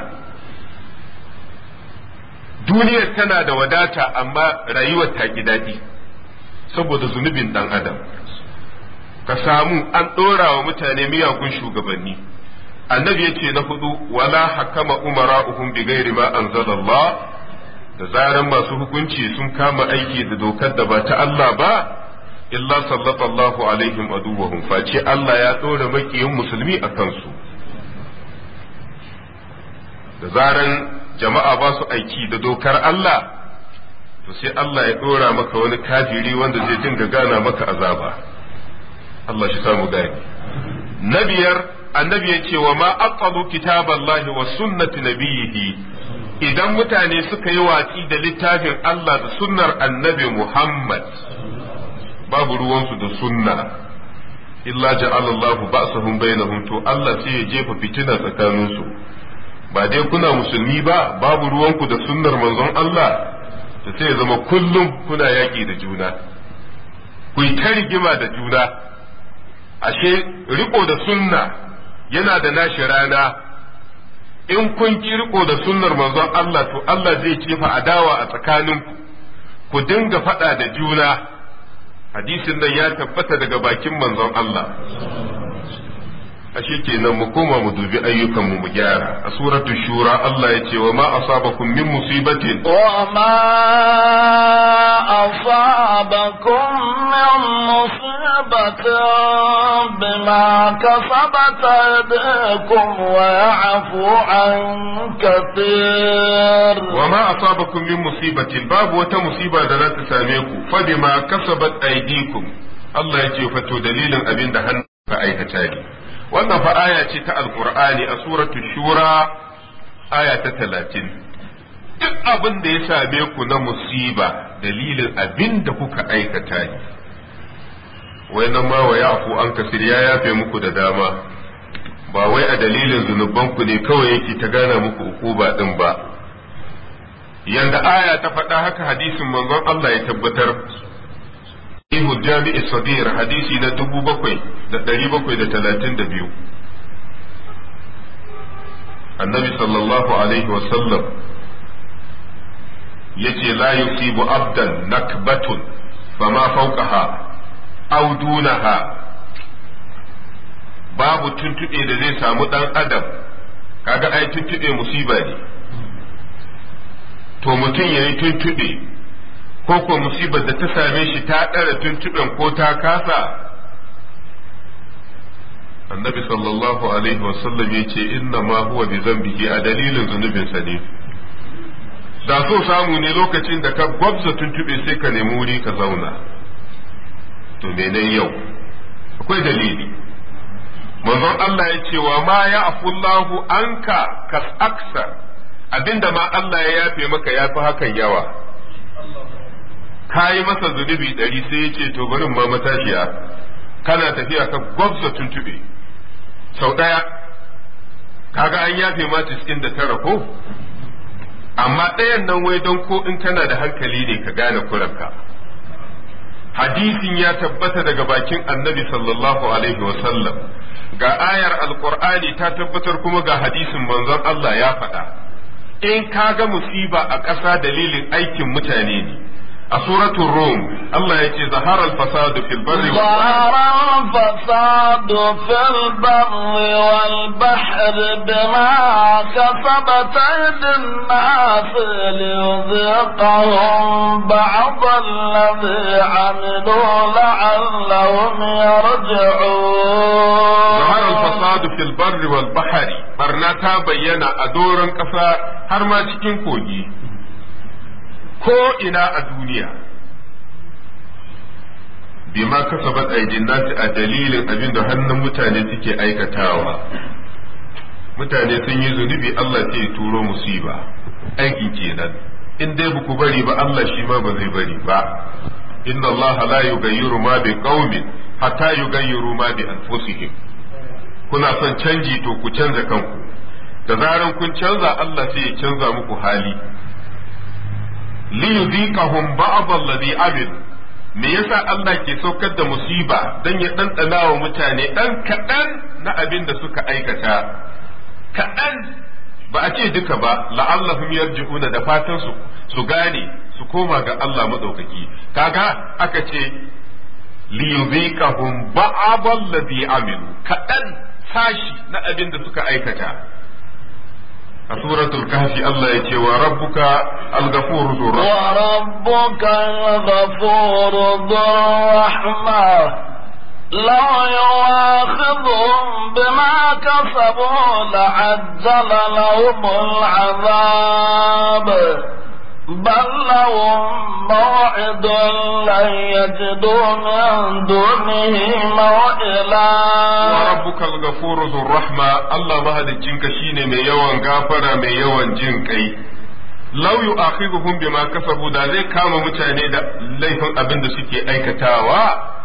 duniyar tana da wadata amma rayuwar ta ki daɗi saboda zunubin ɗan adam ka samu an ɗora wa mutane miyagun shugabanni annabi yace na hudu wala hakama umara bi ghairi ma anzalallah da zaran masu hukunci sun kama aiki da dokar da ba ta Allah ba illa sallallahu alaihim aduwahum face Allah ya ɗora makiyin musulmi a kansu da zaran jama'a ba su aiki da dokar Allah to sai Allah ya ɗora maka wani kafiri wanda zai dinga gana maka azaba Allah shi samu gani na biyar annabi ya ce wa ma aqalu kitaballahi wa sunnati nabiyhi idan mutane suka yi watsi da littafin Allah da sunnar annabi Muhammad babu ruwansu da sunna illa Allahu ba'sahum bainahum to Allah sai ya jefa fitina tsakaninsu ba dai kuna musulmi ba babu ruwanku da sunnar manzon Allah da sai ya zama kullum kuna yaki da juna ku yi ta rigima da juna ashe riko da sunna yana da nashi rana in kun ki riko da sunnar manzon Allah to Allah zai jefa adawa a tsakaninku ku dinga faɗa da juna hadisin nan ya tabbata daga bakin manzon Allah ashe kenan mu koma mu dubi ayyukanmu mu gyara a suratul shura Allah ya ce wa ma asabakum min musibatin wa ma asabakum min musibatin bima kasabat aydikum wa ya'fu an katir wa ma asabakum min musibatin babu wata musiba da za ta same ku fa bima kasabat aydikum Allah ya ce fa to dalilin abin da hannu ka aikata ne wannan fa aya ce ta alqur'ani a suratul shura aya ta talatin duk abin da ya same ku na musiba dalilin abin da kuka aikata ne wai nan ma wa yafu an kasir ya yafe muku da dama ba wai a dalilin zunubanku ne kawai yake ta gana muku ukuba din ba yanda aya ta faɗa haka hadisin manzon Allah ya tabbatar sahihu jami'i sagir hadisi na dubu bakwai da ɗari bakwai da talatin da biyu annabi sallallahu alaihi wasallam yace la yusibu abdan nakbatun fama fawqaha aw dunaha babu tuntuɗe da zai samu ɗan adam kaga ai tuntuɗe musiba ne to mutum yayi tuntuɗe ko ko musibar da ta same shi ta ɗara tuntuɓen ko ta kasa annabi sallallahu alaihi wasallam ya ce inna ma huwa bi zambihi a dalilin zunubinsa ne da so samu ne lokacin da ka gwabza tuntuɓe sai ka nemi wuri ka zauna to menen yau akwai dalili manzon Allah ya ce wa ma ya afullahu anka kas aksar abinda ma Allah ya yafe maka yafi hakan yawa ka yi masa zunubi ɗari sai ya ce to bari ma matashiya kana tafiya ka gwabsa tuntube sau ɗaya kaga an yafe ma cikin da tara ko amma ɗayan nan wai don ko in kana da hankali ne ka gane kuranka hadisin ya tabbata daga bakin annabi sallallahu alaihi wasallam ga ayar alkur'ani ta tabbatar kuma ga hadisin manzon Allah ya faɗa in ka ga musiba a ƙasa dalilin aikin mutane ne a suratul rum Allah yake zahara al-fasad fil barri zahara al-fasad fil barri wal bahri bima kasabat aydin nas liyudhiqahum ba'd alladhi amilu la'allahum yarji'un zahara al-fasad fil barri wal bahri barna ta bayyana a doron kasa har ma cikin kogi ko ina a duniya bima kasabat aidin nasi a dalilin abin da hannun mutane suke aikatawa mutane sun yi zunubi Allah sai turo musiba aiki kenan in dai ba ku bari ba Allah shi ma ba zai bari ba inna Allah la yughayyiru ma bi qaumin hatta yughayyiru ma bi anfusihim kuna son canji to ku canza kanku da zaran kun canza Allah sai ya canza muku hali li ba'd alladhi abid me yasa Allah ke saukar da musiba dan ya dandana wa mutane dan kadan na abin da suka aikata kadan ba a ce duka ba la'allahum yarji'una da fatan su su gane su koma ga Allah madaukaki kaga aka ce li yudhiqahum ba'd alladhi amilu kadan sashi na abin da suka aikata سورة الكهف الله يتي وربك الغفور ذو الرحمة وربك الغفور ذو الرحمة لو يواخذهم بما كسبوا لعجل لهم العذاب بل لهم موعد لن يجدوا من دونه موئلا وربك الغفور ذو الرحمة الله مهد الجنك شيني مي يوان غافر مي يوان جنكي لو يؤاخذهم بما كسبوا دا زي كاما متعني دا ليفن أبن دا سكي أي كتاوا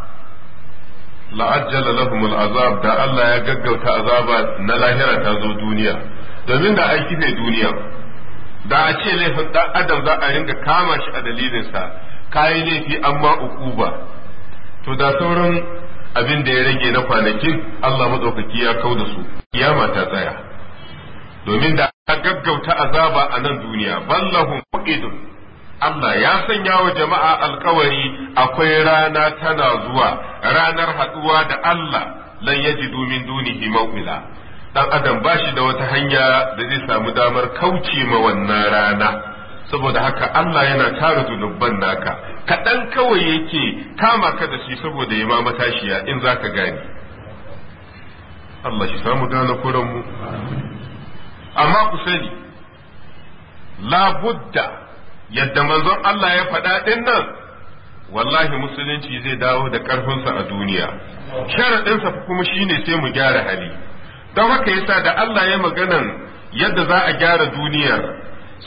la'ajjala lahum al'azab da Allah ya gaggauta azaba na lahira ta zo duniya domin da aiki ne duniya da a ce laifin dan adam za a ringa kama shi a dalilinsa kayi laifi amma ba. to da sauran abin da ya rage na kwanakin Allah madaukaki ya kau da su kiyama ta tsaya domin da a gaggauta azaba a nan duniya ballahum mu'idun Allah ya sanya wa jama'a alkawari akwai rana tana zuwa ranar haɗuwa da Allah lan yaji domin dunihi mawila dan adam ba shi da wata hanya da zai samu damar kauce ma wannan rana saboda haka Allah yana tara zunuban naka kaɗan kawai yake kama ka da shi saboda ya ma matashiya in za ka gani Allah shi samu gane kuranmu amma ku sani labudda yadda manzon Allah ya faɗa ɗin nan wallahi musulunci zai dawo da ƙarfinsa a duniya sharaɗinsa kuma shine sai mu gyara hali don haka yasa da Allah ya maganan yadda za a gyara duniyar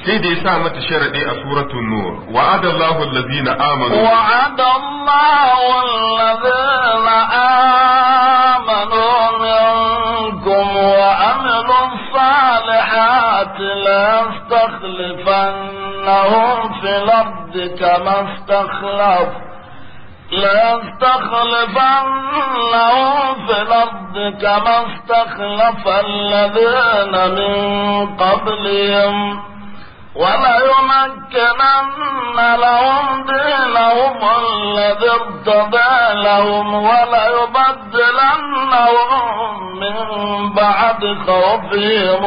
sai da ya sa mata sharaɗi a suratul nur wa adallahu allazina amanu wa adallahu allazina amanu minkum wa amilu salihati la yastakhlifannahum fil ardi kama istakhlafu ليستخلفنهم في الأرض كما استخلف الذين من قبلهم وليمكنن لهم دينهم الذي ارتضى لهم وليبدلنهم من بعد خوفهم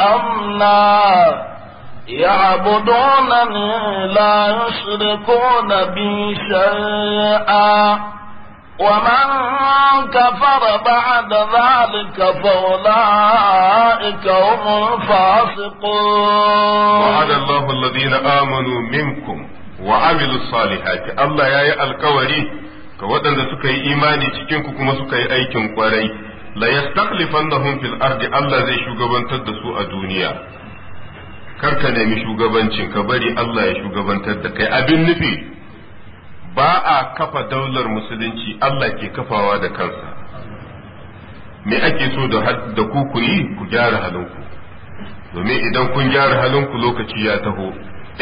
أمنا يعبدونني لا يشركون بي شيئا ومن كفر بعد ذلك فأولئك هم الفاسقون وعد الله الذين آمنوا منكم وعملوا الصالحات الله يا الكوري كودن سكي إيماني تكنكم كما سكي أيكم قري لا يستخلفنهم في الأرض الله زي شغبان تدسوا الدنيا kar ka nemi shugabancin ka bari Allah ya shugabantar da kai abin nufi ba a kafa daular musulunci Allah ke kafawa da kansa me ake so da ku ku yi ku gyara halinku domin idan kun gyara halinku lokaci ya taho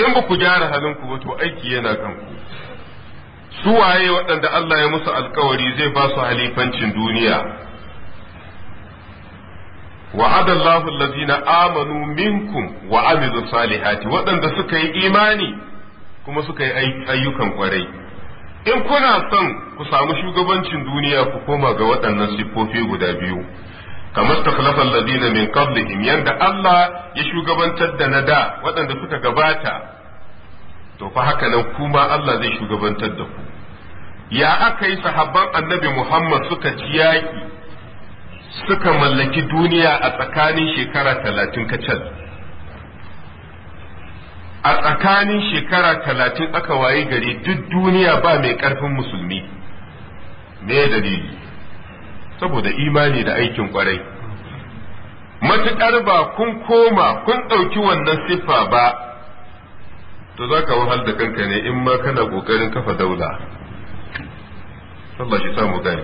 in ba ku gyara halinku ba to aiki yana kanku su waye waɗanda Allah ya musu alkawari zai ba su halifancin duniya wa'ada Allahu allazina amanu minkum wa salihati waɗanda suka yi imani kuma suka yi ayyukan kwarai in kuna son ku samu shugabancin duniya ku koma ga waɗannan siffofi guda biyu kamar takhlafa allazina min qablihim yanda Allah ya shugabantar da na da waɗanda suka gabata to fa haka nan kuma Allah zai shugabantar da ku ya aka yi sahabban annabi Muhammad suka ci yaki suka mallaki duniya a tsakanin shekara talatin kacal a tsakanin shekara talatin aka wayi gari duk duniya ba mai karfin musulmi me dalili saboda imani da aikin kwarai matuƙar ba kun koma kun ɗauki wannan siffa ba to za ka wahal da kanka ne in ma kana ƙoƙarin kafa daula Allah shi samu gani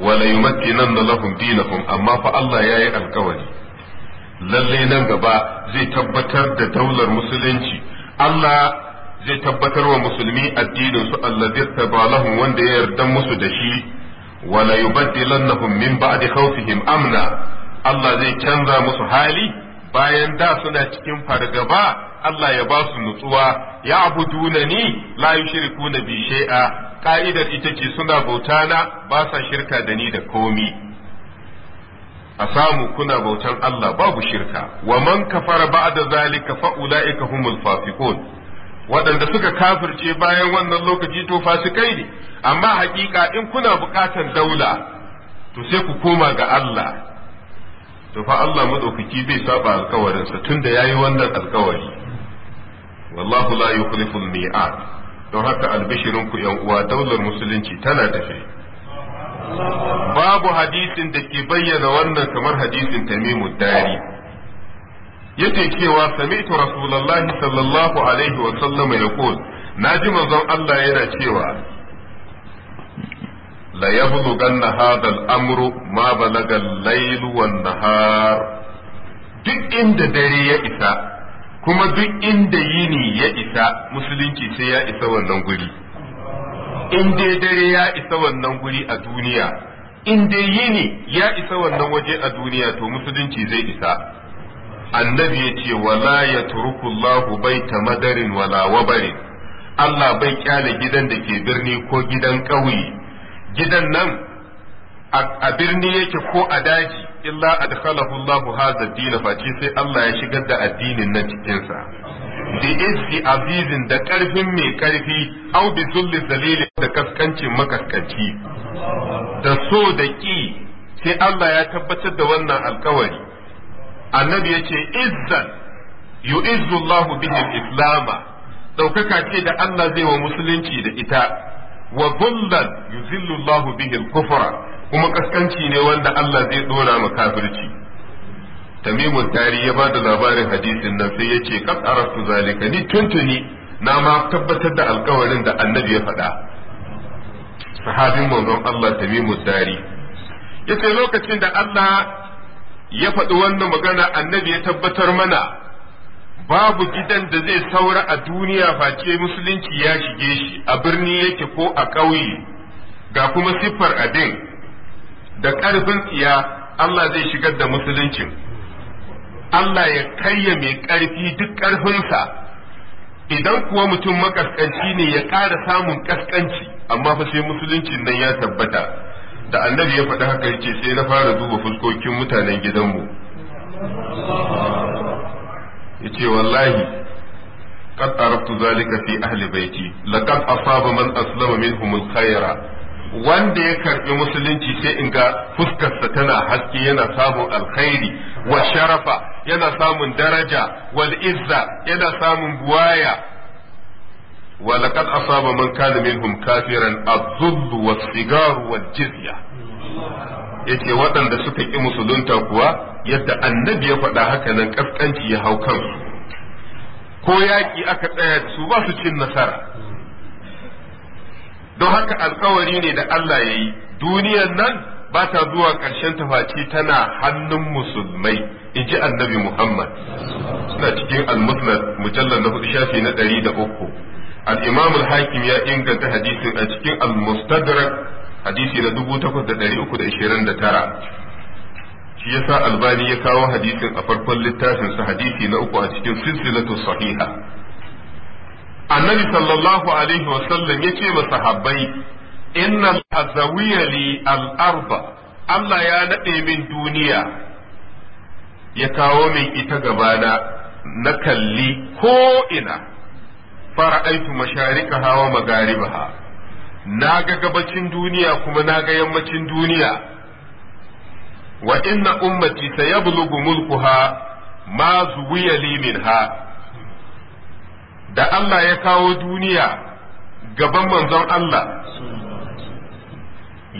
wala da lahum dinahum amma fa Allah ya yi alkawari lalle nan gaba zai tabbatar da daular musulunci Allah zai tabbatar wa musulmi addinin su allazi tabalahum wanda ya yarda musu da shi wala yubaddilannahum min ba'di khawfihim amna Allah zai canza musu hali bayan da suna cikin fargaba Allah ya ba su nutsuwa ya abuduna ni la yushrikuna bi shay'a ka'idar ita ce suna bauta na ba sa shirka da ni da komi a samu kuna bautan Allah babu shirka wa man kafara ba'da zalika fa ulaika humul fasiqun waɗanda suka kafirce bayan wannan lokaci to fasikai ne amma haƙiƙa in kuna bukatar daula to sai ku koma ga Allah to fa Allah madaukaki bai saba alkawarinsa tunda yayi wannan alkawari wallahu la yukhlifu miad don haka albishirinku yan uwa daular musulunci tana tafe babu hadisin da ke bayyana wannan kamar hadisin tamimu dari yace cewa sami'tu rasulullahi sallallahu alaihi wa sallam yaqul naji manzon Allah yana cewa la yablughanna hadha al-amru ma balaga al-layl wan nahar duk inda dare ya isa kuma duk inda yini ya isa musulunci sai ya isa wannan guri in dai dare ya isa wannan guri a duniya in dai yini ya isa wannan waje a duniya to musulunci zai isa annabi ya ce wala ya turukullahu ta madarin wala wabari Allah bai kyale gidan da ke birni ko gidan ƙauye gidan nan a birni yake ko a daji illa adkhalahu Allahu hadha ad-din face sai Allah ya shigar da addinin nan cikin sa bi izzi azizin da karfin mai karfi au bi zulli da kaskancin makaskanci da so da ki sai Allah ya tabbatar da wannan alkawari annabi yace izzan yu'izzu Allahu bihi al-islama daukaka ce da Allah zai wa musulunci da ita wa zullan yuzillu Allahu bihi al-kufra kuma kaskanci ne wanda Allah zai dora ma kafirci tamimu tari ya bada labarin hadisin nan sai yace qad araftu zalika ni tuntuni na ma tabbatar da alkawarin da annabi ya faɗa sahabin manzon Allah tamimu tari yace lokacin da Allah ya faɗi wannan magana annabi ya tabbatar mana babu gidan da zai saura a duniya face musulunci ya shige shi a birni yake ko a ƙauye ga kuma siffar adin da ƙarfin tsiya Allah zai shigar da musuluncin Allah ya kayya mai ƙarfi duk ƙarfinsa idan kuwa mutum makaskanci ne ya ƙara samun ƙasƙanci amma fa sai musuluncin nan ya tabbata da annabi ya faɗi haka yace sai na fara duba fuskokin mutanen gidanmu ce wallahi قد أردت ذلك في أهل بيتي لقد أصاب من أسلم منهم الخير wanda ya karbi musulunci sai in ga fuskarsa tana haske yana samun alkhairi wa sharafa yana samun daraja wal izza yana samun buwaya wa laqad asaba man kana minhum kafiran adh-dhull was-sigar wal-jizya yace waɗanda suka ki musulunta kuwa yadda annabi ya faɗa haka nan kaskanci ya hau kansu ko yaƙi aka tsaya su ba su cin nasara don haka alkawari ne da Allah ya yi duniyan nan ba ta zuwa ƙarshen tafaci tana hannun musulmai in ji annabi Muhammad suna cikin al-musnad mujallar na hudu shafi na ɗari da uku al al-hakim ya inganta hadisin a cikin al hadisi na dubu takwas da ɗari uku da ishirin da tara shi ya sa albani ya kawo hadisin a farkon littafinsa hadisi na uku a cikin silsilatu sahiha annabi sallallahu alaihi wasallam ya ce masahabbai inna azawiya li al'arba Allah ya naɗe min duniya ya kawo min ita gabana na kalli ko ina fara'aitu masharika hawa magaribaha na ga gabacin duniya kuma na ga yammacin duniya wa inna ummati sayablughu mulkuha ma zuwiya li minha da Allah ya kawo duniya gaban manzon Allah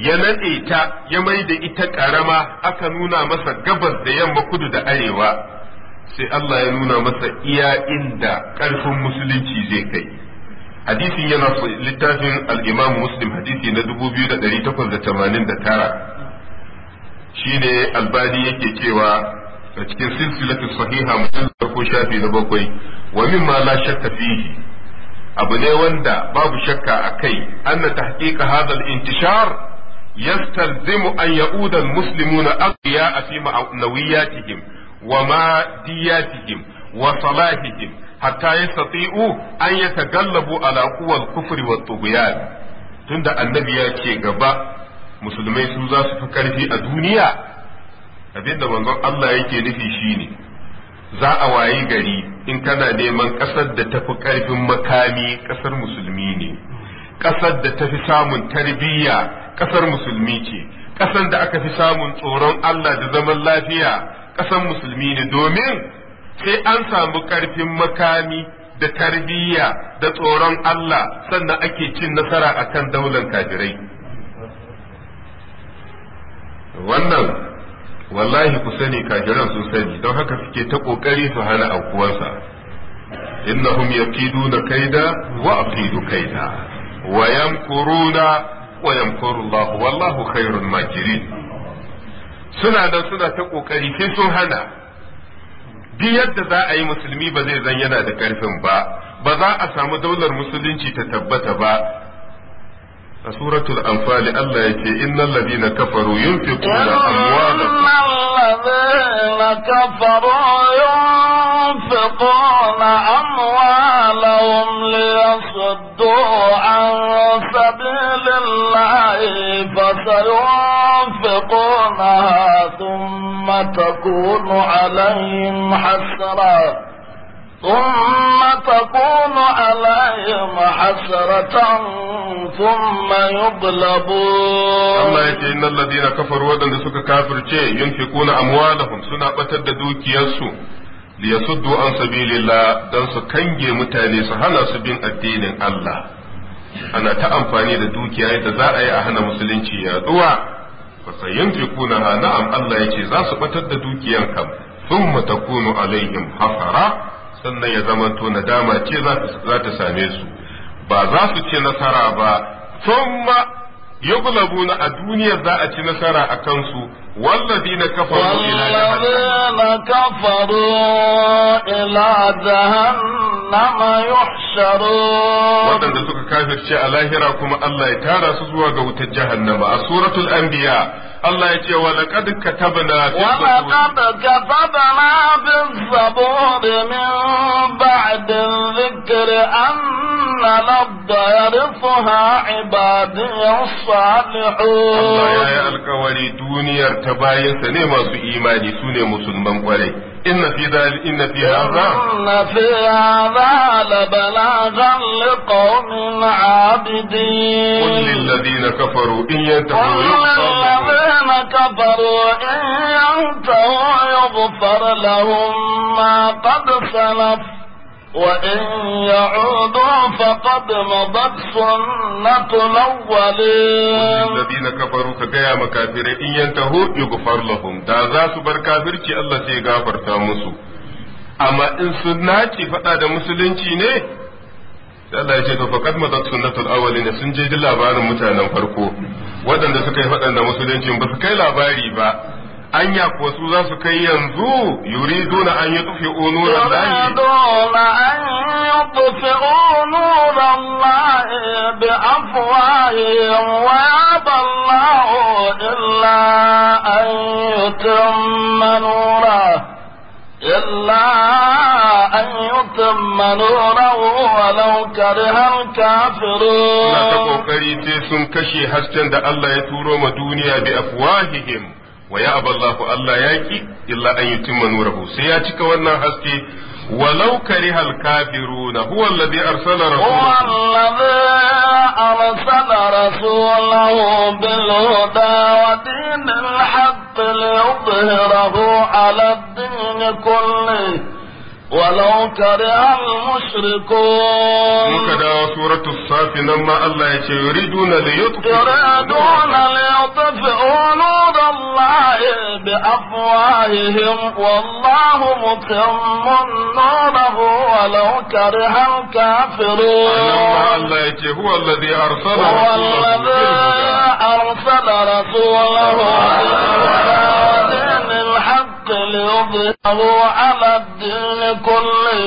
ya naɗe ta ya mai da ita ƙarama aka nuna masa gabas da yamma kudu da arewa sai Allah ya nuna masa iya inda ƙarfin musulunci zai kai hadisin yana littafin al'imamu muslim hadisi na 2889 shine albani yake cewa a cikin silsilatu sahiha mutum ko shafi na bakwai wa mimma la shakka fihi abu ne wanda babu shakka a kai anna tahqiqa hadha al-intishar yastalzimu an ya'uda al-muslimuna aqya fi ma'nawiyatihim wa madiyatihim wa salahihim hatta yastati'u an yatagallabu ala quwwal kufri wat tughyan tunda annabi ya ce gaba musulmai su za su fi karfi a duniya abinda manzon Allah yake nufi shine za a wayi gari in kana neman ƙasar da tafi ƙarfin makami ƙasar musulmi ne ƙasar da tafi samun tarbiyya ƙasar musulmi ce ƙasar da aka fi samun tsoron Allah da zaman lafiya ƙasar musulmi ne domin sai an samu ƙarfin makami da tarbiyya da tsoron Allah sannan ake cin nasara akan daular kafirai wannan wallahi ku sani kafiran sun sani don haka suke ta kokari su hana aukuwarsa innahum yakiduna kaida wa aqidu kaida wa yamkuruna wa yamkuru Allah wallahu khairul makirin suna da suna ta kokari sai sun hana duk yadda za a yi musulmi ba zai zan yana da karfin ba ba za a samu daular musulunci ta tabbata ba a suratul anfali Allah yake innal ladina kafaru yunfiquna amwalahum alladhina kafaru yunfiquna amwalahum liyasuddu an sabilillahi fasayunfiqunaha thumma takunu alayhim hasratan ثم تكون عليهم حسرة ثم يغلبون الله يجي إن الذين كفروا ودن سك كافر شيء ينفقون أموالهم سنة بتددوك يسو ليصدوا عن سبيل الله دن سكنجي متاني سهنا سبين الدين الله أنا تأمفاني amfani da dukiya yadda za a yi a hana musulunci yaduwa fasayin fikuna na'am Allah ya ce za su batar sannan ya zamanto nadama ce za ta same su ba za su ci nasara ba thumma yughlabuna a duniyar za a ci nasara a kansu والذين كفروا إلى جهنم كفروا إلى جهنم يحشرون وذلك كافر شاء الله راكم الله يتارى سوى قوت جهنم سورة الأنبياء الله يتي ولقد كتبنا في ولقد كتبنا في الزبور من بعد الذكر أن الأرض يرثها عبادي الصالحون الله يا الكواري دونير ta bayansa ne masu imani su ne musulman kwarai inna fi dhal inna fi hadha inna fi hadha la balaghan liqawmin abidin qul lil ladina kafaru in yantahu yughfar kafaru in yantahu yughfar lahum ma qad salaf وإن يعودوا فقد مضت سنة الأولين الذين كفروا كجايا مكافر إن ينتهوا يغفر لهم دا ذا سبر كافر الله سيغافر تامسو أما إن سناتي فتا دا مسلنتي ne Allah ya ce to faqad madat sunnatul awwalin sun je labarin mutanen farko waɗanda suka yi faɗan da musuluncin ba su kai labari ba anya kuwa su za su kai yanzu yuriduna an yutfi'u nuran lahi yuriduna an yutfi'u nuran lahi bi afwahihim wa yaba Allahu illa an yutimma nurahu إلا أن يتم نوره ولو كره الكافرون لا تقوى قريتي حسن الله يتورو مدونيا بأفواههم ويا أبا الله ألا يأتي إلا أن يتم نوره nurahu sai حسكي ولو كره الكافرون هو الذي أرسل رسوله هو الذي أرسل رسوله بالهدى ودين الحق ليظهره على الدين كله ولو كره المشركون مكدا سورة الصافي لما الله يريدون ليطفئوا يريدون ليطفئوا نور الله بأفواههم والله متم نوره ولو كره الكافرون لما الله هو الذي أرسل هو الذي أرسل رسوله الحق ليظهروا على الدين كله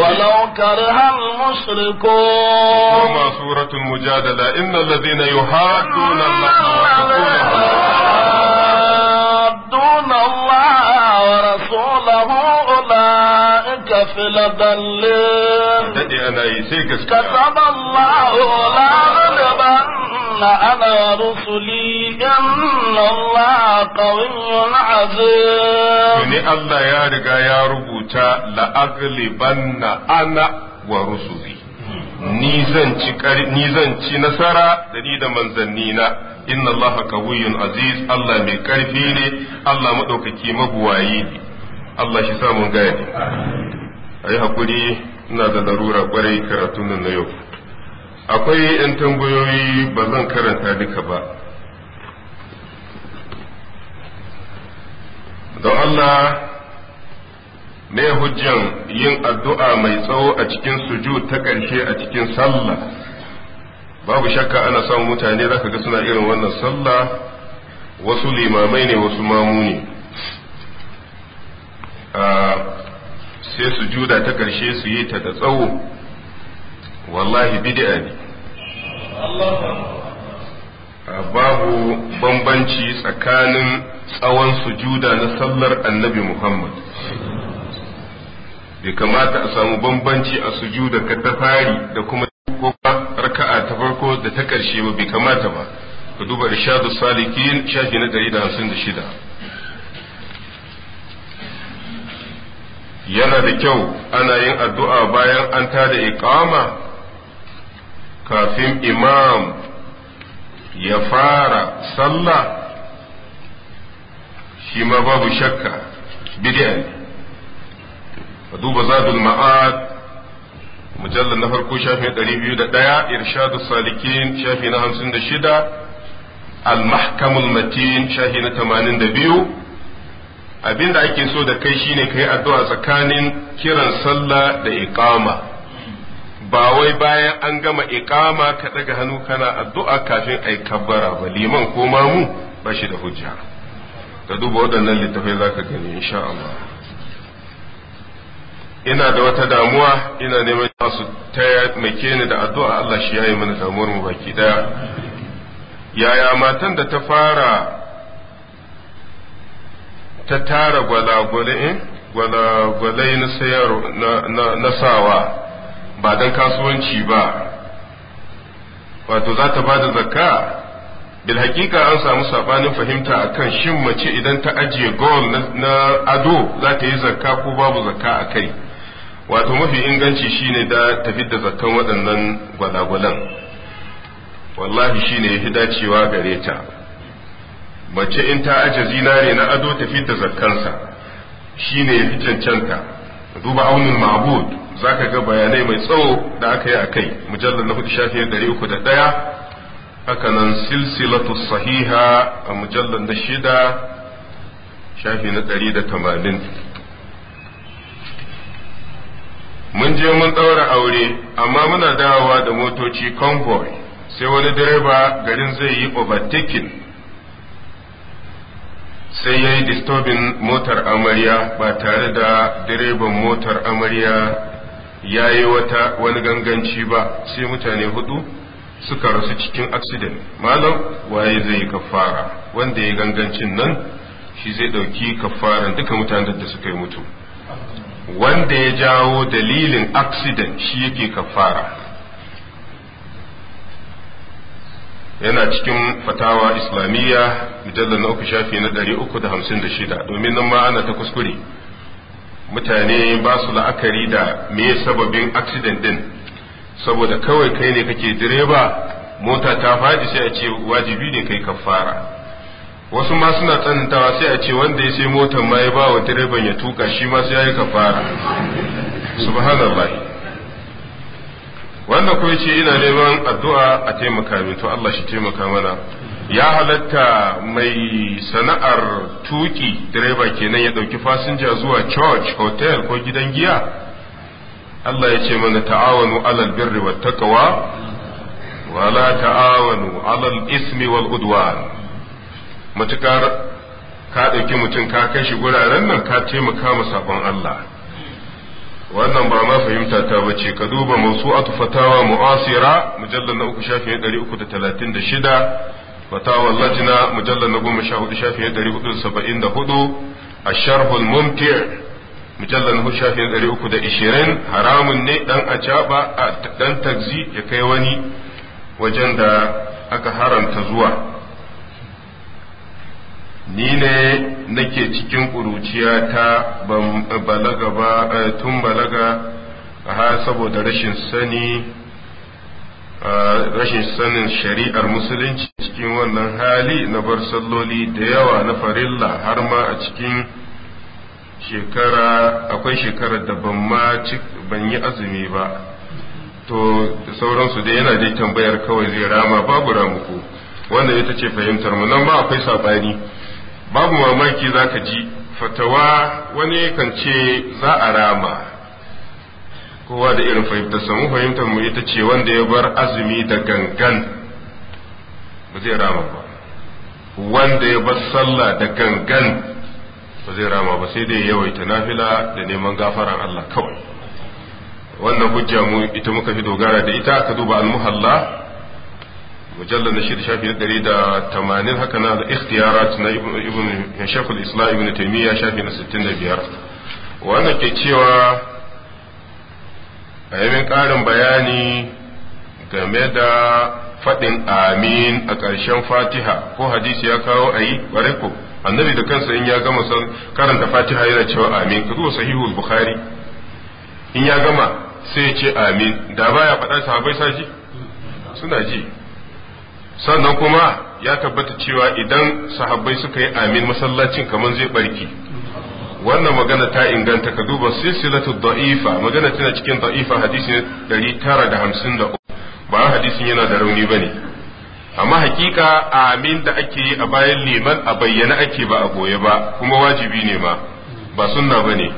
ولو كره المشركون ثم سورة المجادلة إن الذين يحادون الله يحادون الله ورسوله أولئك ذلك في الضلين كتب الله لا غلبن أنا ورسلي إن الله قوي عزيز يعني الله يا رجا يا ربوتا لأغلبن أنا ورسلي ni zan ci nasara da ni da manzannina inna Allah kawiyyun aziz Allah mai karfi ne Allah maɗaukaki maguwaye ne Allah shi samun gani Ayi yi haƙuri ina da larura ƙwarai karatun nan na yau akwai 'yan tambayoyi ba zan karanta duka ba don Allah ne hujjan yin addu'a mai tsawo a cikin sujud ta ƙarshe a cikin sallah babu shakka ana samun mutane zaka ga suna irin wannan sallah wasu limamai ne wasu Mamuni. sai sujuda ta ƙarshe su yi ta da tsawo wallahi bid'a ne babu bambanci tsakanin tsawon sujuda na sallar annabi Muhammad bai kamata a samu bambanci a sujuda ka ta fari da kuma raka'a ta farko da ta ƙarshe ba bai kamata ba ka duba irshadu salikin shafi na 156 yana da kyau ana yin addu'a bayan an tada iƙama. kafin imam ya fara sallah shi ma babu shakka bid'a ne duba zadul ma'ad mujallar na farko shafi na ɗari biyu da ɗaya irshadu salikin shafi na hamsin da shida al-mahkamul matin shafi na tamanin da biyu abin da ake so da kai shine kai addu'a tsakanin kiran sallah da iqama ba wai bayan an gama iqama ka daga hannu kana addu'a kafin ai kabbara ba liman ko mamu ba shi da hujja ka duba waɗannan littafai ka gani insha Allah ina da wata damuwa ina neman su mai ni da addu'a Allah shi yayi mana damuwar mu baki daya yaya matan da ta fara ta tara eh, gwalagwalai na sayar sawa ba don kasuwanci ba wato za ta ba da zakka bil hakika an samu sabanin fahimta akan shin mace idan ta ajiye gol na ado za ta yi zakka ko babu zakka a kai wato mafi inganci shine da tafi da zakkan waɗannan gwalagwalan wallahi shine ya fi dacewa gare ta mace in ta aje zinare na ado ta fitar zakkansa shine ya fi cancanta duba aunin ma'bud zaka ga bayanai mai tsawo da aka yi akai mujallar na hudu shafi ɗari uku da ɗaya haka nan silsilatu sahiha a mujallar na shida shafi na ɗari mun je mun ɗaura aure amma muna dawowa da motoci convoy sai wani direba garin zai yi overtaking sai ya yi disturbin motar amarya ba tare da direban motar amarya ya yi wata wani ganganci ba sai mutane hudu suka rasu cikin accident malam waye zai yi kafara wanda ya gangancin nan shi zai ɗauki kafaran duka mutanen da suka yi mutu wanda ya jawo dalilin accident shi yake kafara yana cikin fatawa islamiyya mujallar na uku shafi na ɗari uku da hamsin da shida domin nan ma ana ta kuskure mutane ba su la'akari da me sababin accident din saboda kawai kai ne kake direba mota ta faɗi sai a ce wajibi ne kai kafara wasu ma suna tsanantawa sai a ce wanda ya sai motar ma ya ba wa direban ya tuka shi ma sai ya yi kafara subhanallah wanda kuma ce ina neman addu'a a taimaka min to Allah shi taimaka mana ya halatta mai sana'ar tuki direba kenan ya ɗauki fasinja zuwa church hotel ko gidan giya Allah ya ce mana ta'awanu alal birri wat taqwa wala ta'awanu alal ismi wal udwan matukar ka ɗauki mutum ka kai shi guraren nan ka taimaka ma sabon Allah wannan ba ma fahimta ta bace ka duba masu mawsu'atu fatawa mu'asira mujallar na uku shafi 336 fatawa lajina mujallar na goma sha hudu shafi a sharhul الممتع mujallar na shafin ɗari uku da ishirin haramun ne dan a caɓa dan tagzi ya kai wani wajen da aka haramta zuwa ni ne nake cikin ƙuruciya ta eh, balaga ba eh, tun balaga ha saboda rashin sani ah, rashin sanin shari'ar musulunci cikin wannan hali na bar salloli da yawa na farilla har ma a cikin shekara akwai shekara da ban ma ban yi azumi ba to sauransu da yana dai tambayar kawai zai rama babu ramuku wannan ita ce fahimtar mu nan ma akwai saɓani babu mamaki za ka ji fatawa wani kan ce za a rama kowa da irin fahimtar samu fahimtar mu ita ce wanda ya bar azumi da gangan ba zai rama ba wanda ya bar sallah da gangan ba zai rama ba sai dai yawaita nafila da neman gafaran Allah kawai wannan hujja mu ita muka fi dogara da ita ka duba al-muhalla mujallar na شافي shafi na ɗari da tamanin haka na da ikhtiyarat na ibn shakul islam ibn taimiyya shafi na sittin da biyar wanda ke cewa a bayani game da annabi da kansa in ya gama karanta fatiha yana cewa in ya gama sai ya ce amin da baya faɗa sahabai saji suna ji sannan kuma ya tabbata cewa idan sahabbai suka yi amin masallacin kamar zai barki wannan magana ta inganta ka duba silsilatu da'ifa magana tana cikin da'ifa hadisi ne 953 ba hadisin yana da rauni bane amma hakika amin da ake yi a bayan liman a bayyana ake ba a goye ba kuma wajibi ne ma ba sunna bane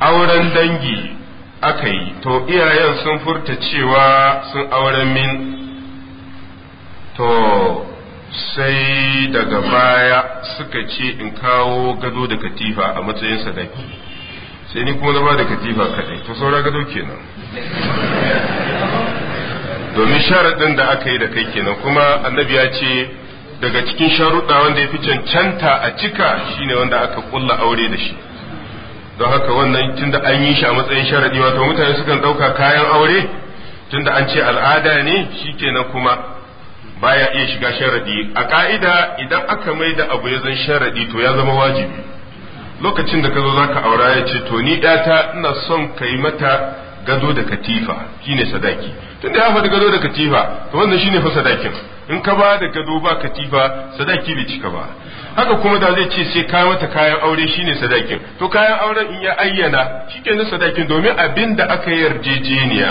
auren dangi aka yi to iyayen sun furta cewa sun auren min to sai daga baya suka ce in kawo gado da katifa a matsayin sadaki sai ni kuma zama da katifa kadai to saura gado kenan domin sharaɗin da aka yi da kai kenan kuma annabi ya ce daga cikin sharuɗa wanda ya fi cancanta a cika shine wanda aka kulla aure da shi don haka wannan tunda an yi shi a matsayin sharaɗi wato mutane sukan ɗauka kayan aure tunda an ce al'ada ne shikenan kuma baya iya shiga sharadi a ka'ida idan aka mai da abu ya zan sharadi to ya zama wajibi lokacin da ka zo zaka aura ya ce to ni ta ina son ka mata gado da katifa shine sadaki tunda ya faɗi gado da katifa to wannan shine fa sadakin in ka ba da gado ba katifa sadaki bai cika ba haka kuma da zai ce sai ka mata kayan aure shine sadakin to kayan auren in ya ayyana shikenan sadakin domin abin da aka yarjejeniya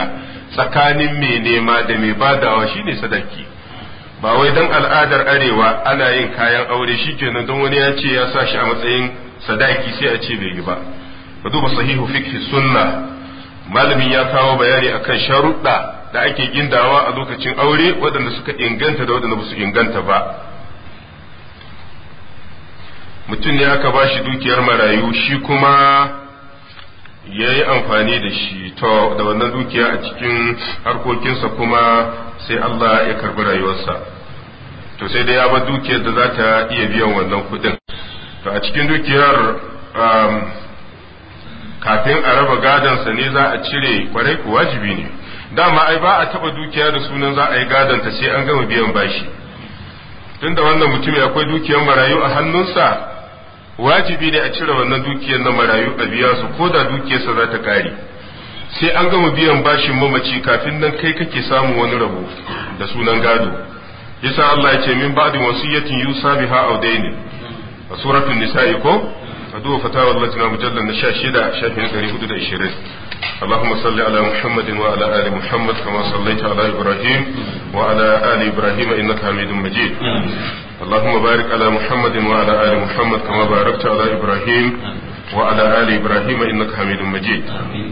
tsakanin mai nema da mai badawa shine sadaki ba wai dan al'adar arewa ana yin kayan aure shikenan don wani ya ce ya sa shi a matsayin sadaki sai a ce bai yi ba ba duba sahihu fikhi sunna malamin ya kawo bayani akan sharuɗa da ake gindawa a lokacin aure waɗanda suka inganta da waɗanda basu inganta ba mutum ne aka ba shi dukiyar marayu shi kuma ya yi amfani da shi to da wannan dukiya a cikin harkokinsa kuma sai Allah ya karbi rayuwarsa to sai dai ya ba dukiyar da za ta iya biyan wannan kuɗin to a cikin dukiyar um, kafin a raba gadonsa ne za a cire kwarai ku wajibi ne dama ai ba a taba dukiya da sunan za a yi gadonta sai an gama biyan bashi tunda wannan mutum akwai dukiyar marayu a hannunsa wajibi ne a cire wannan dukiyar na marayu a biya su ko da dukiyarsa za ta kare sai an gama biyan bashin mamaci kafin nan kai kake samun wani rabo da sunan gado yasa Allah ya ce min ba'di wasiyatin yusa biha aw dayni a suratul nisa'i ko a duba fatawar ta mujallal na 16 shafin 420 اللهم صل على محمد وعلى آل محمد كما صليت على إبراهيم وعلى آل إبراهيم إنك حميد مجيد اللهم بارك على محمد وعلى آل محمد كما باركت على إبراهيم وعلى آل إبراهيم إنك حميد مجيد آمين.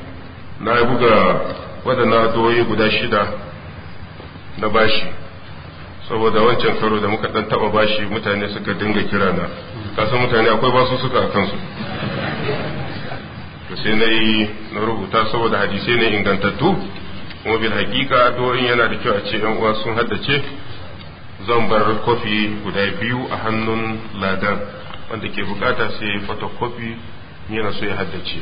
na buga waɗannan doyi guda shida na bashi saboda wancan karo da muka ɗan taba bashi mutane suka dinga kira na kasan mutane akwai basu suka a kansu to sai na yi na rubuta saboda hadisai ne ingantattu kuma bil hakika doyin yana da kyau a ce yan uwa sun haddace zan bar kofi guda biyu a hannun ladan wanda ke bukata sai fotokofi yana so ya haddace